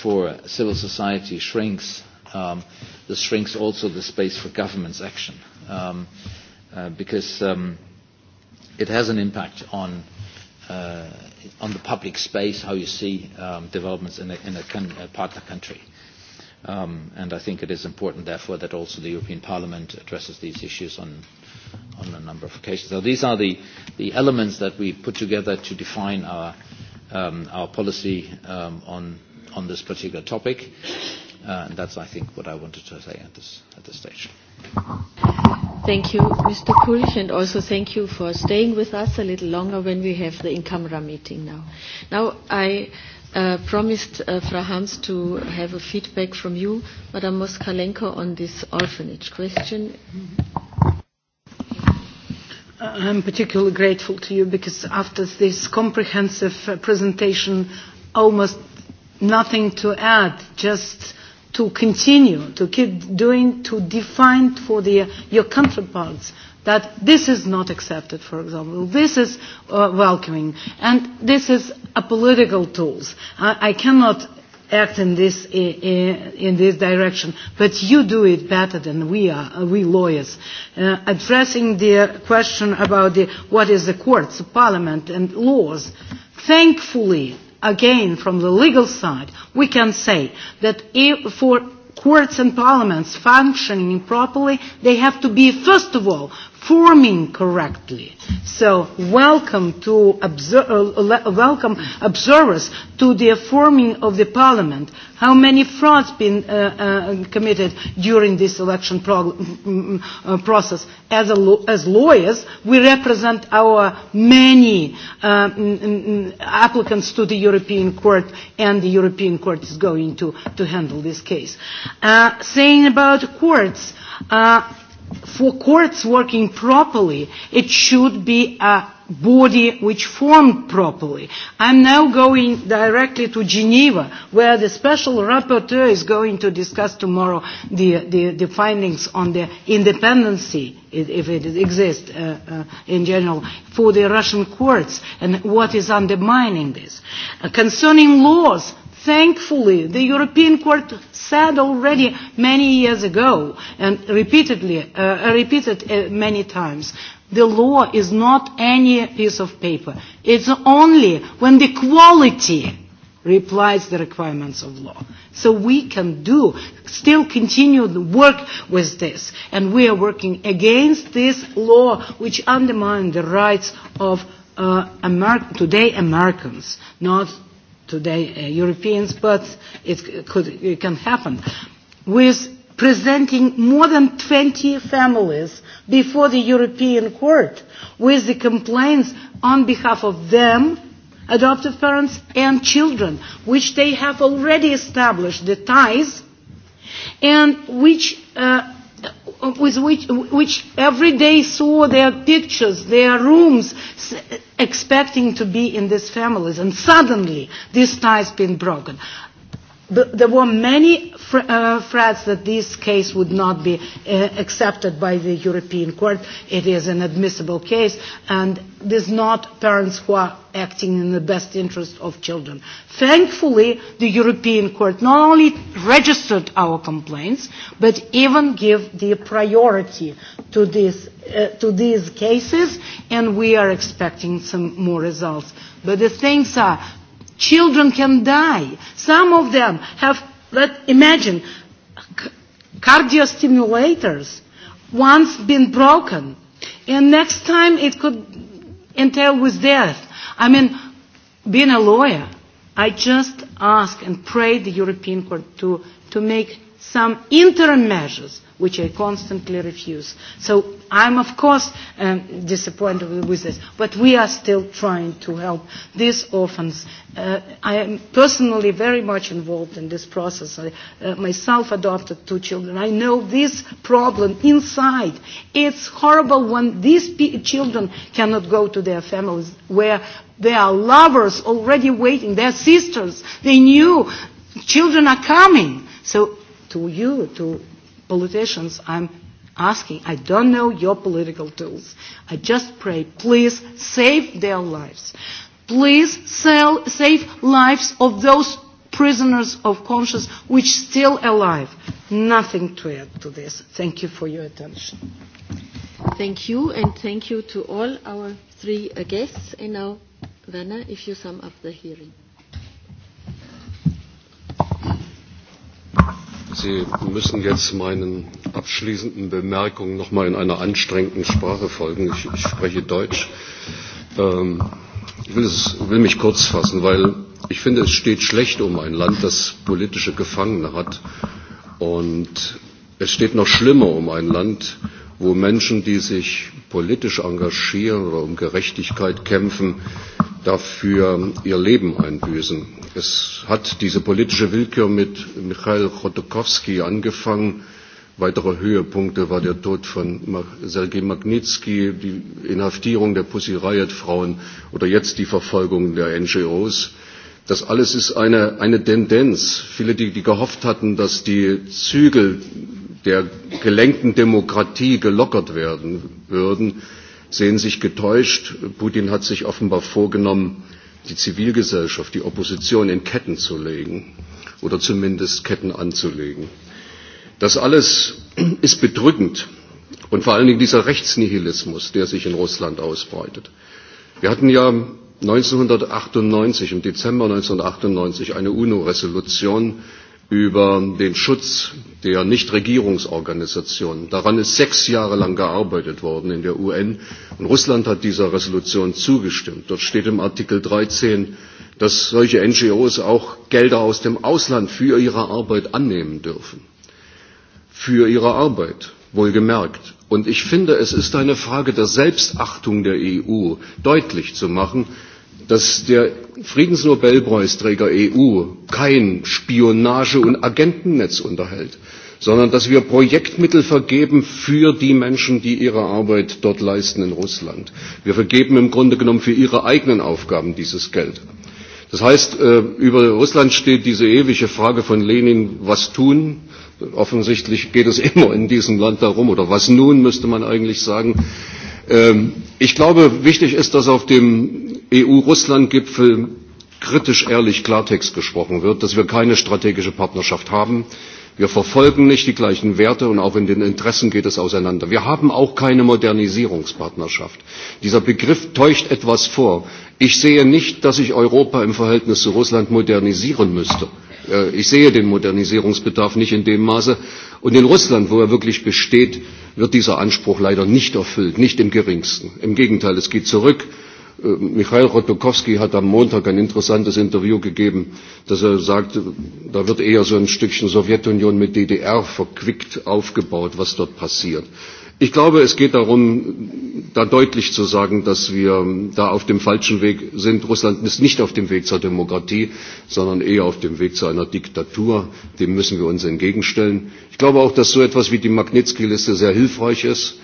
for civil society shrinks, um, this shrinks also the space for government's action, um, uh, because um, it has an impact on uh, on the public space, how you see um, developments in a, in a, con- a partner country. Um, and I think it is important, therefore, that also the European Parliament addresses these issues on, on a number of occasions. So these are the, the elements that we put together to define our, um, our policy um, on, on this particular topic. Uh, and that's, I think, what I wanted to say at this, at this stage. Thank you, Mr. Kulch, and also thank you for staying with us a little longer when we have the in-camera meeting now. Now, I uh, promised uh, Fra Hans to have a feedback from you, Madame Moskalenko, on this orphanage question. Uh, I'm particularly grateful to you because after this comprehensive uh, presentation, almost nothing to add, just to continue, to keep doing, to define for the, uh, your counterparts that this is not accepted, for example. This is uh, welcoming. And this is a political tool. I, I cannot act in this in this direction but you do it better than we are uh, we lawyers uh, addressing the question about the what is the courts the parliament and laws thankfully again from the legal side we can say that if for courts and parliaments functioning properly they have to be first of all performing correctly. So welcome to observe, uh, welcome observers to the forming of the parliament. How many frauds been uh, uh, committed during this election prog- uh, process? As, a lo- as lawyers, we represent our many uh, applicants to the European Court, and the European Court is going to, to handle this case. Uh, saying about courts. Uh, for courts working properly, it should be a body which formed properly. I'm now going directly to Geneva, where the special rapporteur is going to discuss tomorrow the, the, the findings on the independency, if it exists uh, uh, in general, for the Russian courts and what is undermining this. Uh, concerning laws, Thankfully, the European Court said already many years ago and repeatedly, uh, repeated uh, many times, the law is not any piece of paper. It's only when the quality replies the requirements of law. So we can do, still continue the work with this. And we are working against this law which undermines the rights of uh, Amer- today Americans, not today uh, Europeans, but it, could, it can happen, with presenting more than 20 families before the European Court with the complaints on behalf of them, adoptive parents and children, which they have already established the ties and which uh, with which, which every day saw their pictures, their rooms, expecting to be in these families. And suddenly, these ties been broken there were many uh, threats that this case would not be uh, accepted by the European Court. It is an admissible case and is not parents who are acting in the best interest of children. Thankfully, the European Court not only registered our complaints, but even give the priority to, this, uh, to these cases, and we are expecting some more results. But the things are Children can die. Some of them have, let, imagine, cardiostimulators once been broken. And next time it could entail with death. I mean, being a lawyer, I just ask and pray the European Court to, to make some interim measures which I constantly refuse. So I'm, of course, um, disappointed with this, but we are still trying to help these orphans. Uh, I am personally very much involved in this process. I uh, myself adopted two children. I know this problem inside. It's horrible when these p- children cannot go to their families where there are lovers already waiting, their sisters. They knew children are coming. So to you, to politicians, I'm asking, I don't know your political tools. I just pray, please save their lives. Please sell, save lives of those prisoners of conscience which are still alive. Nothing to add to this. Thank you for your attention. Thank you, and thank you to all our three uh, guests. And now, Werner, if you sum up the hearing. Thank you. Sie müssen jetzt meinen abschließenden Bemerkungen noch mal in einer anstrengenden Sprache folgen. Ich, ich spreche Deutsch. Ähm, ich will, es, will mich kurz fassen, weil ich finde, es steht schlecht um ein Land, das politische Gefangene hat. Und es steht noch schlimmer um ein Land, äh, wo Menschen, die sich politisch engagieren oder um Gerechtigkeit kämpfen, dafür ihr Leben einbüßen. Es hat diese politische Willkür mit Michail Chodorkowski angefangen. Weitere Höhepunkte war der Tod von Sergei Magnitsky, die Inhaftierung der Pussy Riot-Frauen oder jetzt die Verfolgung der NGOs. Das alles ist eine, eine Tendenz. Viele, die, die gehofft hatten, dass die Zügel der gelenkten Demokratie gelockert werden würden, sehen sich getäuscht. Putin hat sich offenbar vorgenommen, die Zivilgesellschaft, die Opposition in Ketten zu legen oder zumindest Ketten anzulegen. Das alles ist bedrückend und vor allen Dingen dieser Rechtsnihilismus, der sich in Russland ausbreitet. Wir hatten ja 1998, im Dezember 1998, eine UNO-Resolution über den Schutz der Nichtregierungsorganisationen. Daran ist sechs Jahre lang gearbeitet worden in der UN und Russland hat dieser Resolution zugestimmt. Dort steht im Artikel 13, dass solche NGOs auch Gelder aus dem Ausland für ihre Arbeit annehmen dürfen. Für ihre Arbeit, wohlgemerkt. Und ich finde, es ist eine Frage der Selbstachtung der EU, deutlich zu machen, dass der Friedensnobelpreisträger EU kein Spionage- und Agentennetz unterhält, sondern dass wir Projektmittel vergeben für die Menschen, die ihre Arbeit dort leisten in Russland. Wir vergeben im Grunde genommen für ihre eigenen Aufgaben dieses Geld. Das heißt, äh, über Russland steht diese ewige Frage von Lenin, was tun? Offensichtlich geht es immer in diesem Land darum, oder was nun, müsste man eigentlich sagen. Ähm, ich glaube, wichtig ist, dass auf dem EU-Russland-Gipfel kritisch ehrlich Klartext gesprochen wird, dass wir keine strategische Partnerschaft haben. Wir verfolgen nicht die gleichen Werte und auch in den Interessen geht es auseinander. Wir haben auch keine Modernisierungspartnerschaft. Dieser Begriff täuscht etwas vor. Ich sehe nicht, dass ich Europa im Verhältnis zu Russland modernisieren müsste. Äh, ich sehe den Modernisierungsbedarf nicht in dem Maße. Und in Russland, wo er wirklich besteht, wird dieser Anspruch leider nicht erfüllt, nicht im geringsten. Im Gegenteil, es geht zurück. Äh, Michail Rotokowski hat am Montag ein interessantes Interview gegeben, dass er sagt, da wird eher so ein Stückchen Sowjetunion mit DDR verquickt aufgebaut, was dort passiert. Ich glaube, es geht darum, da deutlich zu sagen, dass wir da auf dem falschen Weg sind. Russland ist nicht auf dem Weg zur Demokratie, sondern eher auf dem Weg zu einer Diktatur. Dem müssen wir uns entgegenstellen. Ich glaube auch, dass so etwas wie die Magnitsky-Liste sehr hilfreich ist.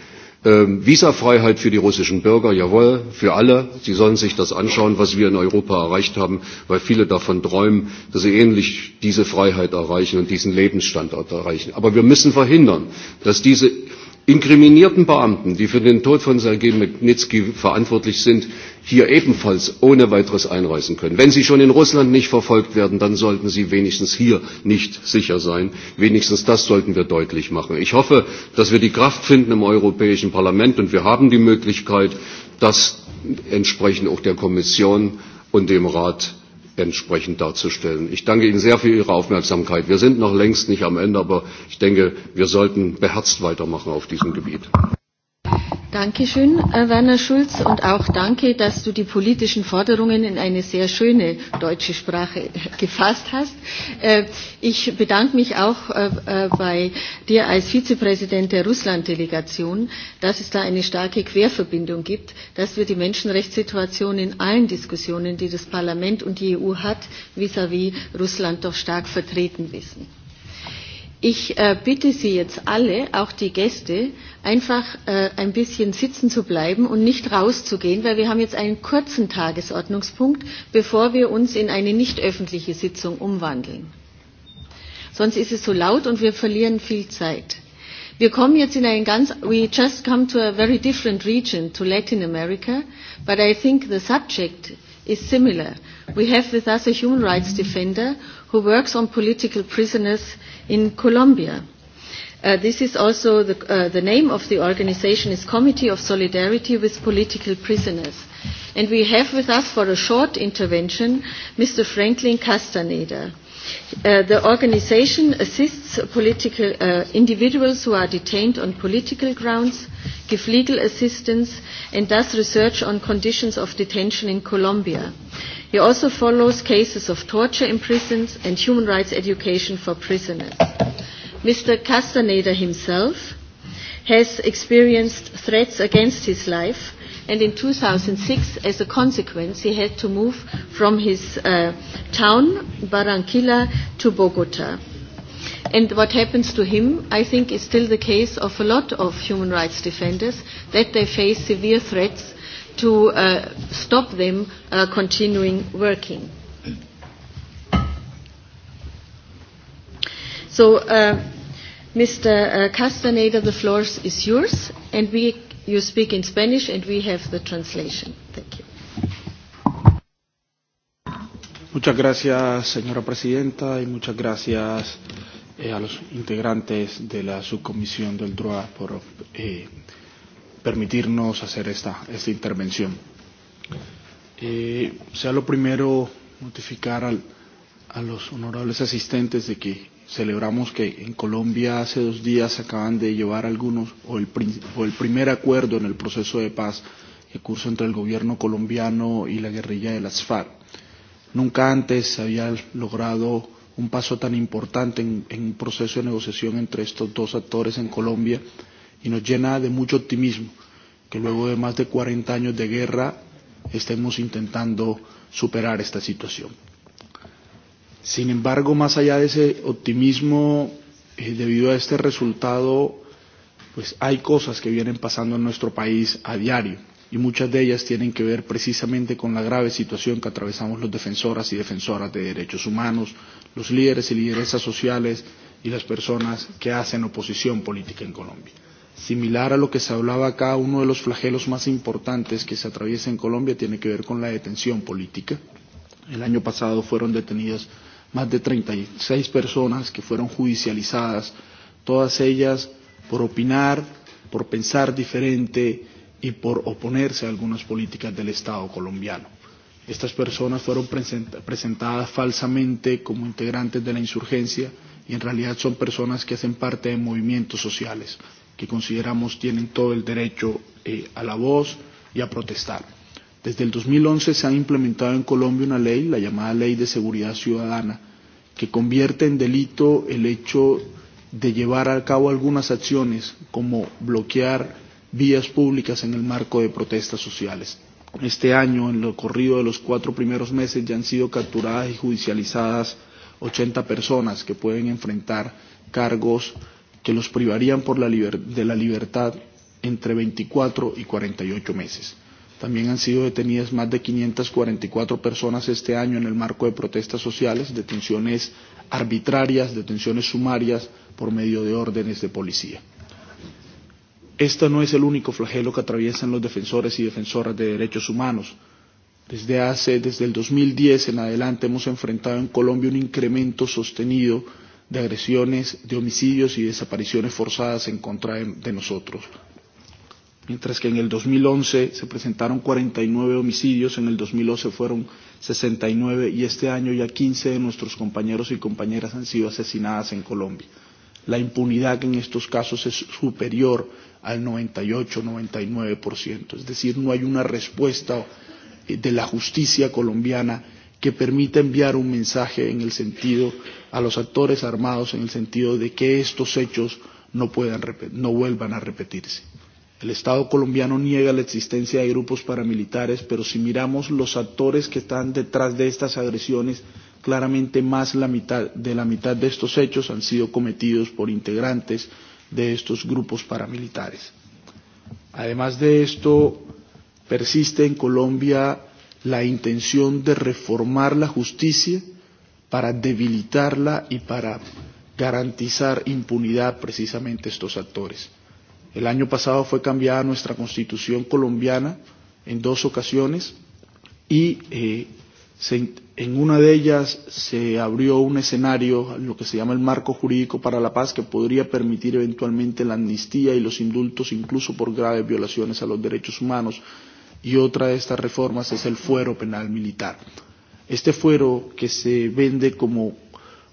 Ähm, Visafreiheit für die russischen Bürger, jawohl, für alle. Sie sollen sich das anschauen, was wir in Europa erreicht haben, weil viele davon träumen, dass sie ähnlich diese Freiheit erreichen und diesen Lebensstandard erreichen. Aber wir müssen verhindern, dass diese inkriminierten Beamten, die für den Tod von Sergei Magnitsky verantwortlich sind, hier ebenfalls ohne weiteres einreisen können. Wenn sie schon in Russland nicht verfolgt werden, dann sollten sie wenigstens hier nicht sicher sein. Wenigstens das sollten wir deutlich machen. Ich hoffe, dass wir die Kraft finden im Europäischen Parlament und wir haben die Möglichkeit, das entsprechend auch der Kommission und dem Rat entsprechend darzustellen. Ich danke Ihnen sehr für Ihre Aufmerksamkeit. Wir sind noch längst nicht am Ende, aber ich denke, wir sollten beherzt weitermachen auf diesem Gebiet. Danke Dankeschön, äh, Werner Schulz, und auch danke, dass du die politischen Forderungen in eine sehr schöne deutsche Sprache gefasst hast. Äh, ich bedanke mich auch äh, bei dir als Vizepräsident der Russland-Delegation, dass es da eine starke Querverbindung gibt, dass wir die Menschenrechtssituation in allen Diskussionen, die das Parlament und die EU hat, vis-à-vis -vis Russland doch stark vertreten wissen. Ich bitte Sie jetzt alle, auch die Gäste, einfach äh, ein bisschen sitzen zu bleiben und nicht rauszugehen, weil wir haben jetzt einen kurzen Tagesordnungspunkt, bevor wir uns in eine nicht öffentliche Sitzung umwandeln. Sonst ist es so laut und wir verlieren viel Zeit. Wir kommen jetzt in einen ganz, we just come to a very different region, to Latin America, but I think the subject is similar. We have with us a human rights defender who works on political prisoners in Colombia. Uh, this is also the, uh, the name of the organization is Committee of Solidarity with Political Prisoners. And we have with us for a short intervention Mr. Franklin Castaneda. Uh, the organization assists political, uh, individuals who are detained on political grounds, give legal assistance, and does research on conditions of detention in Colombia. He also follows cases of torture in prisons and human rights education for prisoners. Mr. Castaneda himself has experienced threats against his life, and in 2006, as a consequence, he had to move from his uh, town, Barranquilla, to Bogota. And what happens to him, I think, is still the case of a lot of human rights defenders, that they face severe threats to uh, stop them uh, continuing working. So, uh, Mr. Uh, Castaneda, the floor is yours, and we, you speak in Spanish, and we have the translation. Thank you. Muchas gracias, señora presidenta, y muchas gracias eh, a los integrantes de la subcomisión del DROA por eh, permitirnos hacer esta, esta intervención. Eh, sea lo primero notificar al, a los honorables asistentes de que celebramos que en Colombia hace dos días acaban de llevar algunos, o el, o el primer acuerdo en el proceso de paz que curso entre el gobierno colombiano y la guerrilla de las FARC. Nunca antes se había logrado un paso tan importante en, en un proceso de negociación entre estos dos actores en Colombia y nos llena de mucho optimismo que luego de más de 40 años de guerra estemos intentando superar esta situación. Sin embargo, más allá de ese optimismo eh, debido a este resultado, pues hay cosas que vienen pasando en nuestro país a diario y muchas de ellas tienen que ver precisamente con la grave situación que atravesamos los defensoras y defensoras de derechos humanos, los líderes y lideresas sociales y las personas que hacen oposición política en Colombia. Similar a lo que se hablaba acá, uno de los flagelos más importantes que se atraviesa en Colombia tiene que ver con la detención política. El año pasado fueron detenidas más de 36 personas que fueron judicializadas, todas ellas por opinar, por pensar diferente y por oponerse a algunas políticas del Estado colombiano. Estas personas fueron presentadas falsamente como integrantes de la insurgencia y en realidad son personas que hacen parte de movimientos sociales que consideramos tienen todo el derecho eh, a la voz y a protestar. Desde el 2011 se ha implementado en Colombia una ley, la llamada Ley de Seguridad Ciudadana, que convierte en delito el hecho de llevar a cabo algunas acciones como bloquear vías públicas en el marco de protestas sociales. Este año, en lo corrido de los cuatro primeros meses, ya han sido capturadas y judicializadas 80 personas que pueden enfrentar cargos que los privarían por la liber de la libertad entre 24 y 48 meses. También han sido detenidas más de 544 personas este año en el marco de protestas sociales, detenciones arbitrarias, detenciones sumarias por medio de órdenes de policía. Este no es el único flagelo que atraviesan los defensores y defensoras de derechos humanos. Desde hace, desde el 2010 en adelante hemos enfrentado en Colombia un incremento sostenido de agresiones, de homicidios y desapariciones forzadas en contra de, de nosotros, mientras que en el 2011 se presentaron 49 homicidios, en el 2012 fueron 69 y este año ya 15 de nuestros compañeros y compañeras han sido asesinadas en Colombia. La impunidad en estos casos es superior al 98-99%, es decir, no hay una respuesta eh, de la justicia colombiana que permita enviar un mensaje en el sentido a los actores armados en el sentido de que estos hechos no puedan no vuelvan a repetirse. El Estado colombiano niega la existencia de grupos paramilitares, pero si miramos los actores que están detrás de estas agresiones, claramente más la mitad, de la mitad de estos hechos han sido cometidos por integrantes de estos grupos paramilitares. Además de esto, persiste en Colombia la intención de reformar la justicia para debilitarla y para garantizar impunidad precisamente a estos actores. El año pasado fue cambiada nuestra constitución colombiana en dos ocasiones y eh, se, en una de ellas se abrió un escenario, lo que se llama el marco jurídico para la paz, que podría permitir eventualmente la amnistía y los indultos incluso por graves violaciones a los derechos humanos. Y otra de estas reformas es el fuero penal militar. Este fuero que se vende como,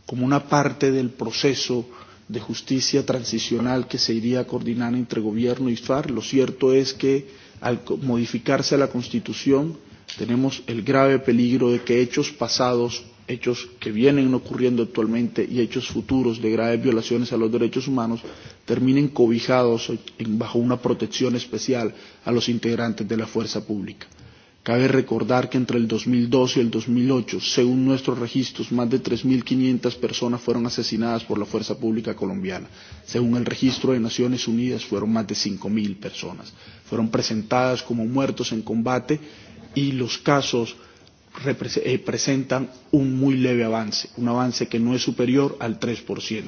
como una parte del proceso de justicia transicional que se iría coordinar entre gobierno y FARC. Lo cierto es que al modificarse la Constitución tenemos el grave peligro de que hechos pasados, hechos que vienen ocurriendo actualmente y hechos futuros de graves violaciones a los derechos humanos terminen cobijados en, bajo una protección especial a los integrantes de la fuerza pública. Cabe recordar que entre el 2012 y el 2008, según nuestros registros, más de 3.500 personas fueron asesinadas por la Fuerza Pública Colombiana. Según el registro de Naciones Unidas, fueron más de 5.000 personas. Fueron presentadas como muertos en combate y los casos representan eh, un muy leve avance, un avance que no es superior al 3%.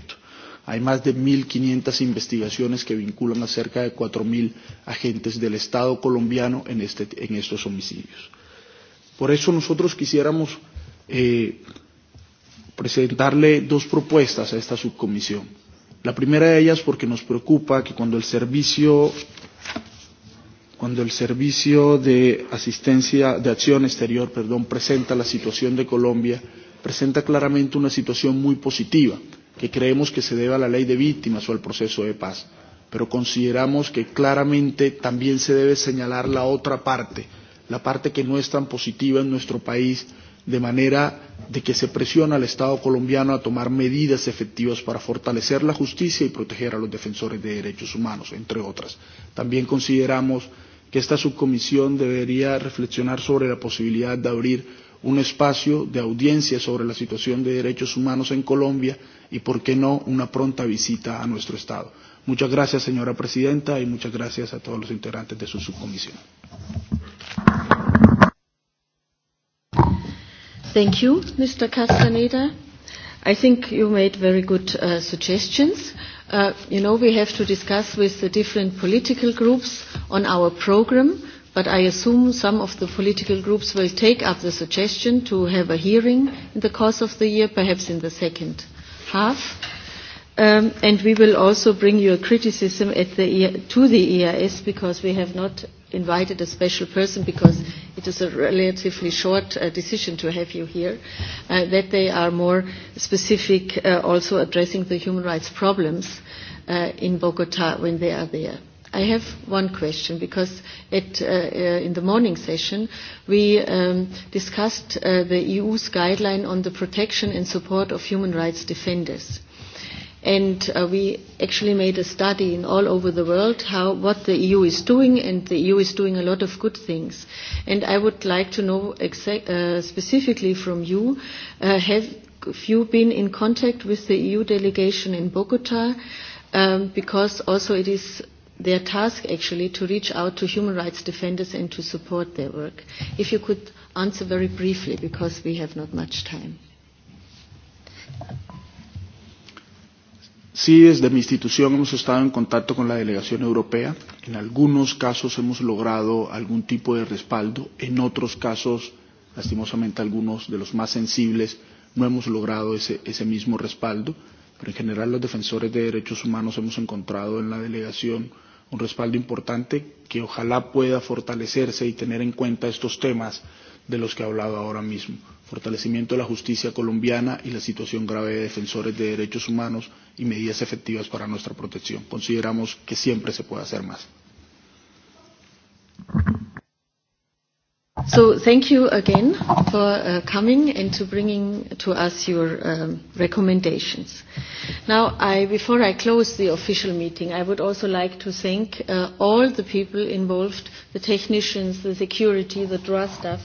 Hay más de 1.500 investigaciones que vinculan a cerca de 4.000 agentes del Estado colombiano en, este, en estos homicidios. Por eso nosotros quisiéramos eh, presentarle dos propuestas a esta subcomisión. La primera de ellas porque nos preocupa que cuando el servicio cuando el servicio de asistencia de acción exterior, perdón, presenta la situación de Colombia, presenta claramente una situación muy positiva que creemos que se debe a la ley de víctimas o al proceso de paz, pero consideramos que claramente también se debe señalar la otra parte, la parte que no es tan positiva en nuestro país, de manera de que se presiona al Estado colombiano a tomar medidas efectivas para fortalecer la justicia y proteger a los defensores de derechos humanos, entre otras. También consideramos que esta subcomisión debería reflexionar sobre la posibilidad de abrir un espacio de audiencia sobre la situación de derechos humanos en Colombia y, por qué no, una pronta visita a nuestro Estado. Muchas gracias, señora presidenta, y muchas gracias a todos los integrantes de su subcomisión. Thank you, Mr. Castaneda. I think you made very good uh, suggestions. Uh, you know, we have to discuss with the different political groups on our program but I assume some of the political groups will take up the suggestion to have a hearing in the course of the year, perhaps in the second half. Um, and we will also bring your criticism at the, e to the EIS because we have not invited a special person because it is a relatively short uh, decision to have you here, uh, that they are more specific uh, also addressing the human rights problems uh, in Bogota when they are there. I have one question because at, uh, uh, in the morning session we um, discussed uh, the EU's guideline on the protection and support of human rights defenders. And uh, we actually made a study in all over the world how what the EU is doing, and the EU is doing a lot of good things. And I would like to know exact, uh, specifically from you, uh, have you been in contact with the EU delegation in Bogota? Um, because also it is their task actually to reach out to human rights defenders and to support their work. If you could answer very briefly, because we have not much time. Sí, desde mi institución hemos estado en contacto con la delegación europea. En algunos casos hemos logrado algún tipo de respaldo. En otros casos, lastimosamente algunos de los más sensibles, no hemos logrado ese, ese mismo respaldo. Pero en general los defensores de derechos humanos hemos encontrado en la delegación un respaldo importante que ojalá pueda fortalecerse y tener en cuenta estos temas de los que he hablado ahora mismo. Fortalecimiento de la justicia colombiana y la situación grave de defensores de derechos humanos y medidas efectivas para nuestra protección. Consideramos que siempre se puede hacer más. So thank you again for uh, coming and to bringing to us your um, recommendations. Now, I, before I close the official meeting, I would also like to thank uh, all the people involved, the technicians, the security, the draw staff,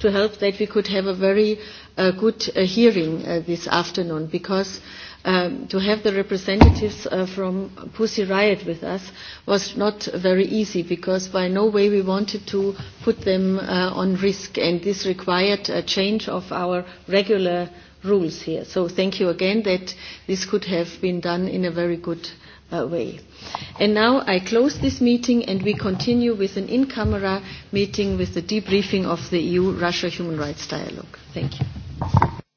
to help that we could have a very uh, good uh, hearing uh, this afternoon because um, to have the representatives uh, from Pussy Riot with us was not very easy because by no way we wanted to put them uh, on risk and this required a change of our regular rules here. So thank you again that this could have been done in a very good uh, way. And now I close this meeting and we continue with an in-camera meeting with the debriefing of the EU-Russia human rights dialogue. Thank you.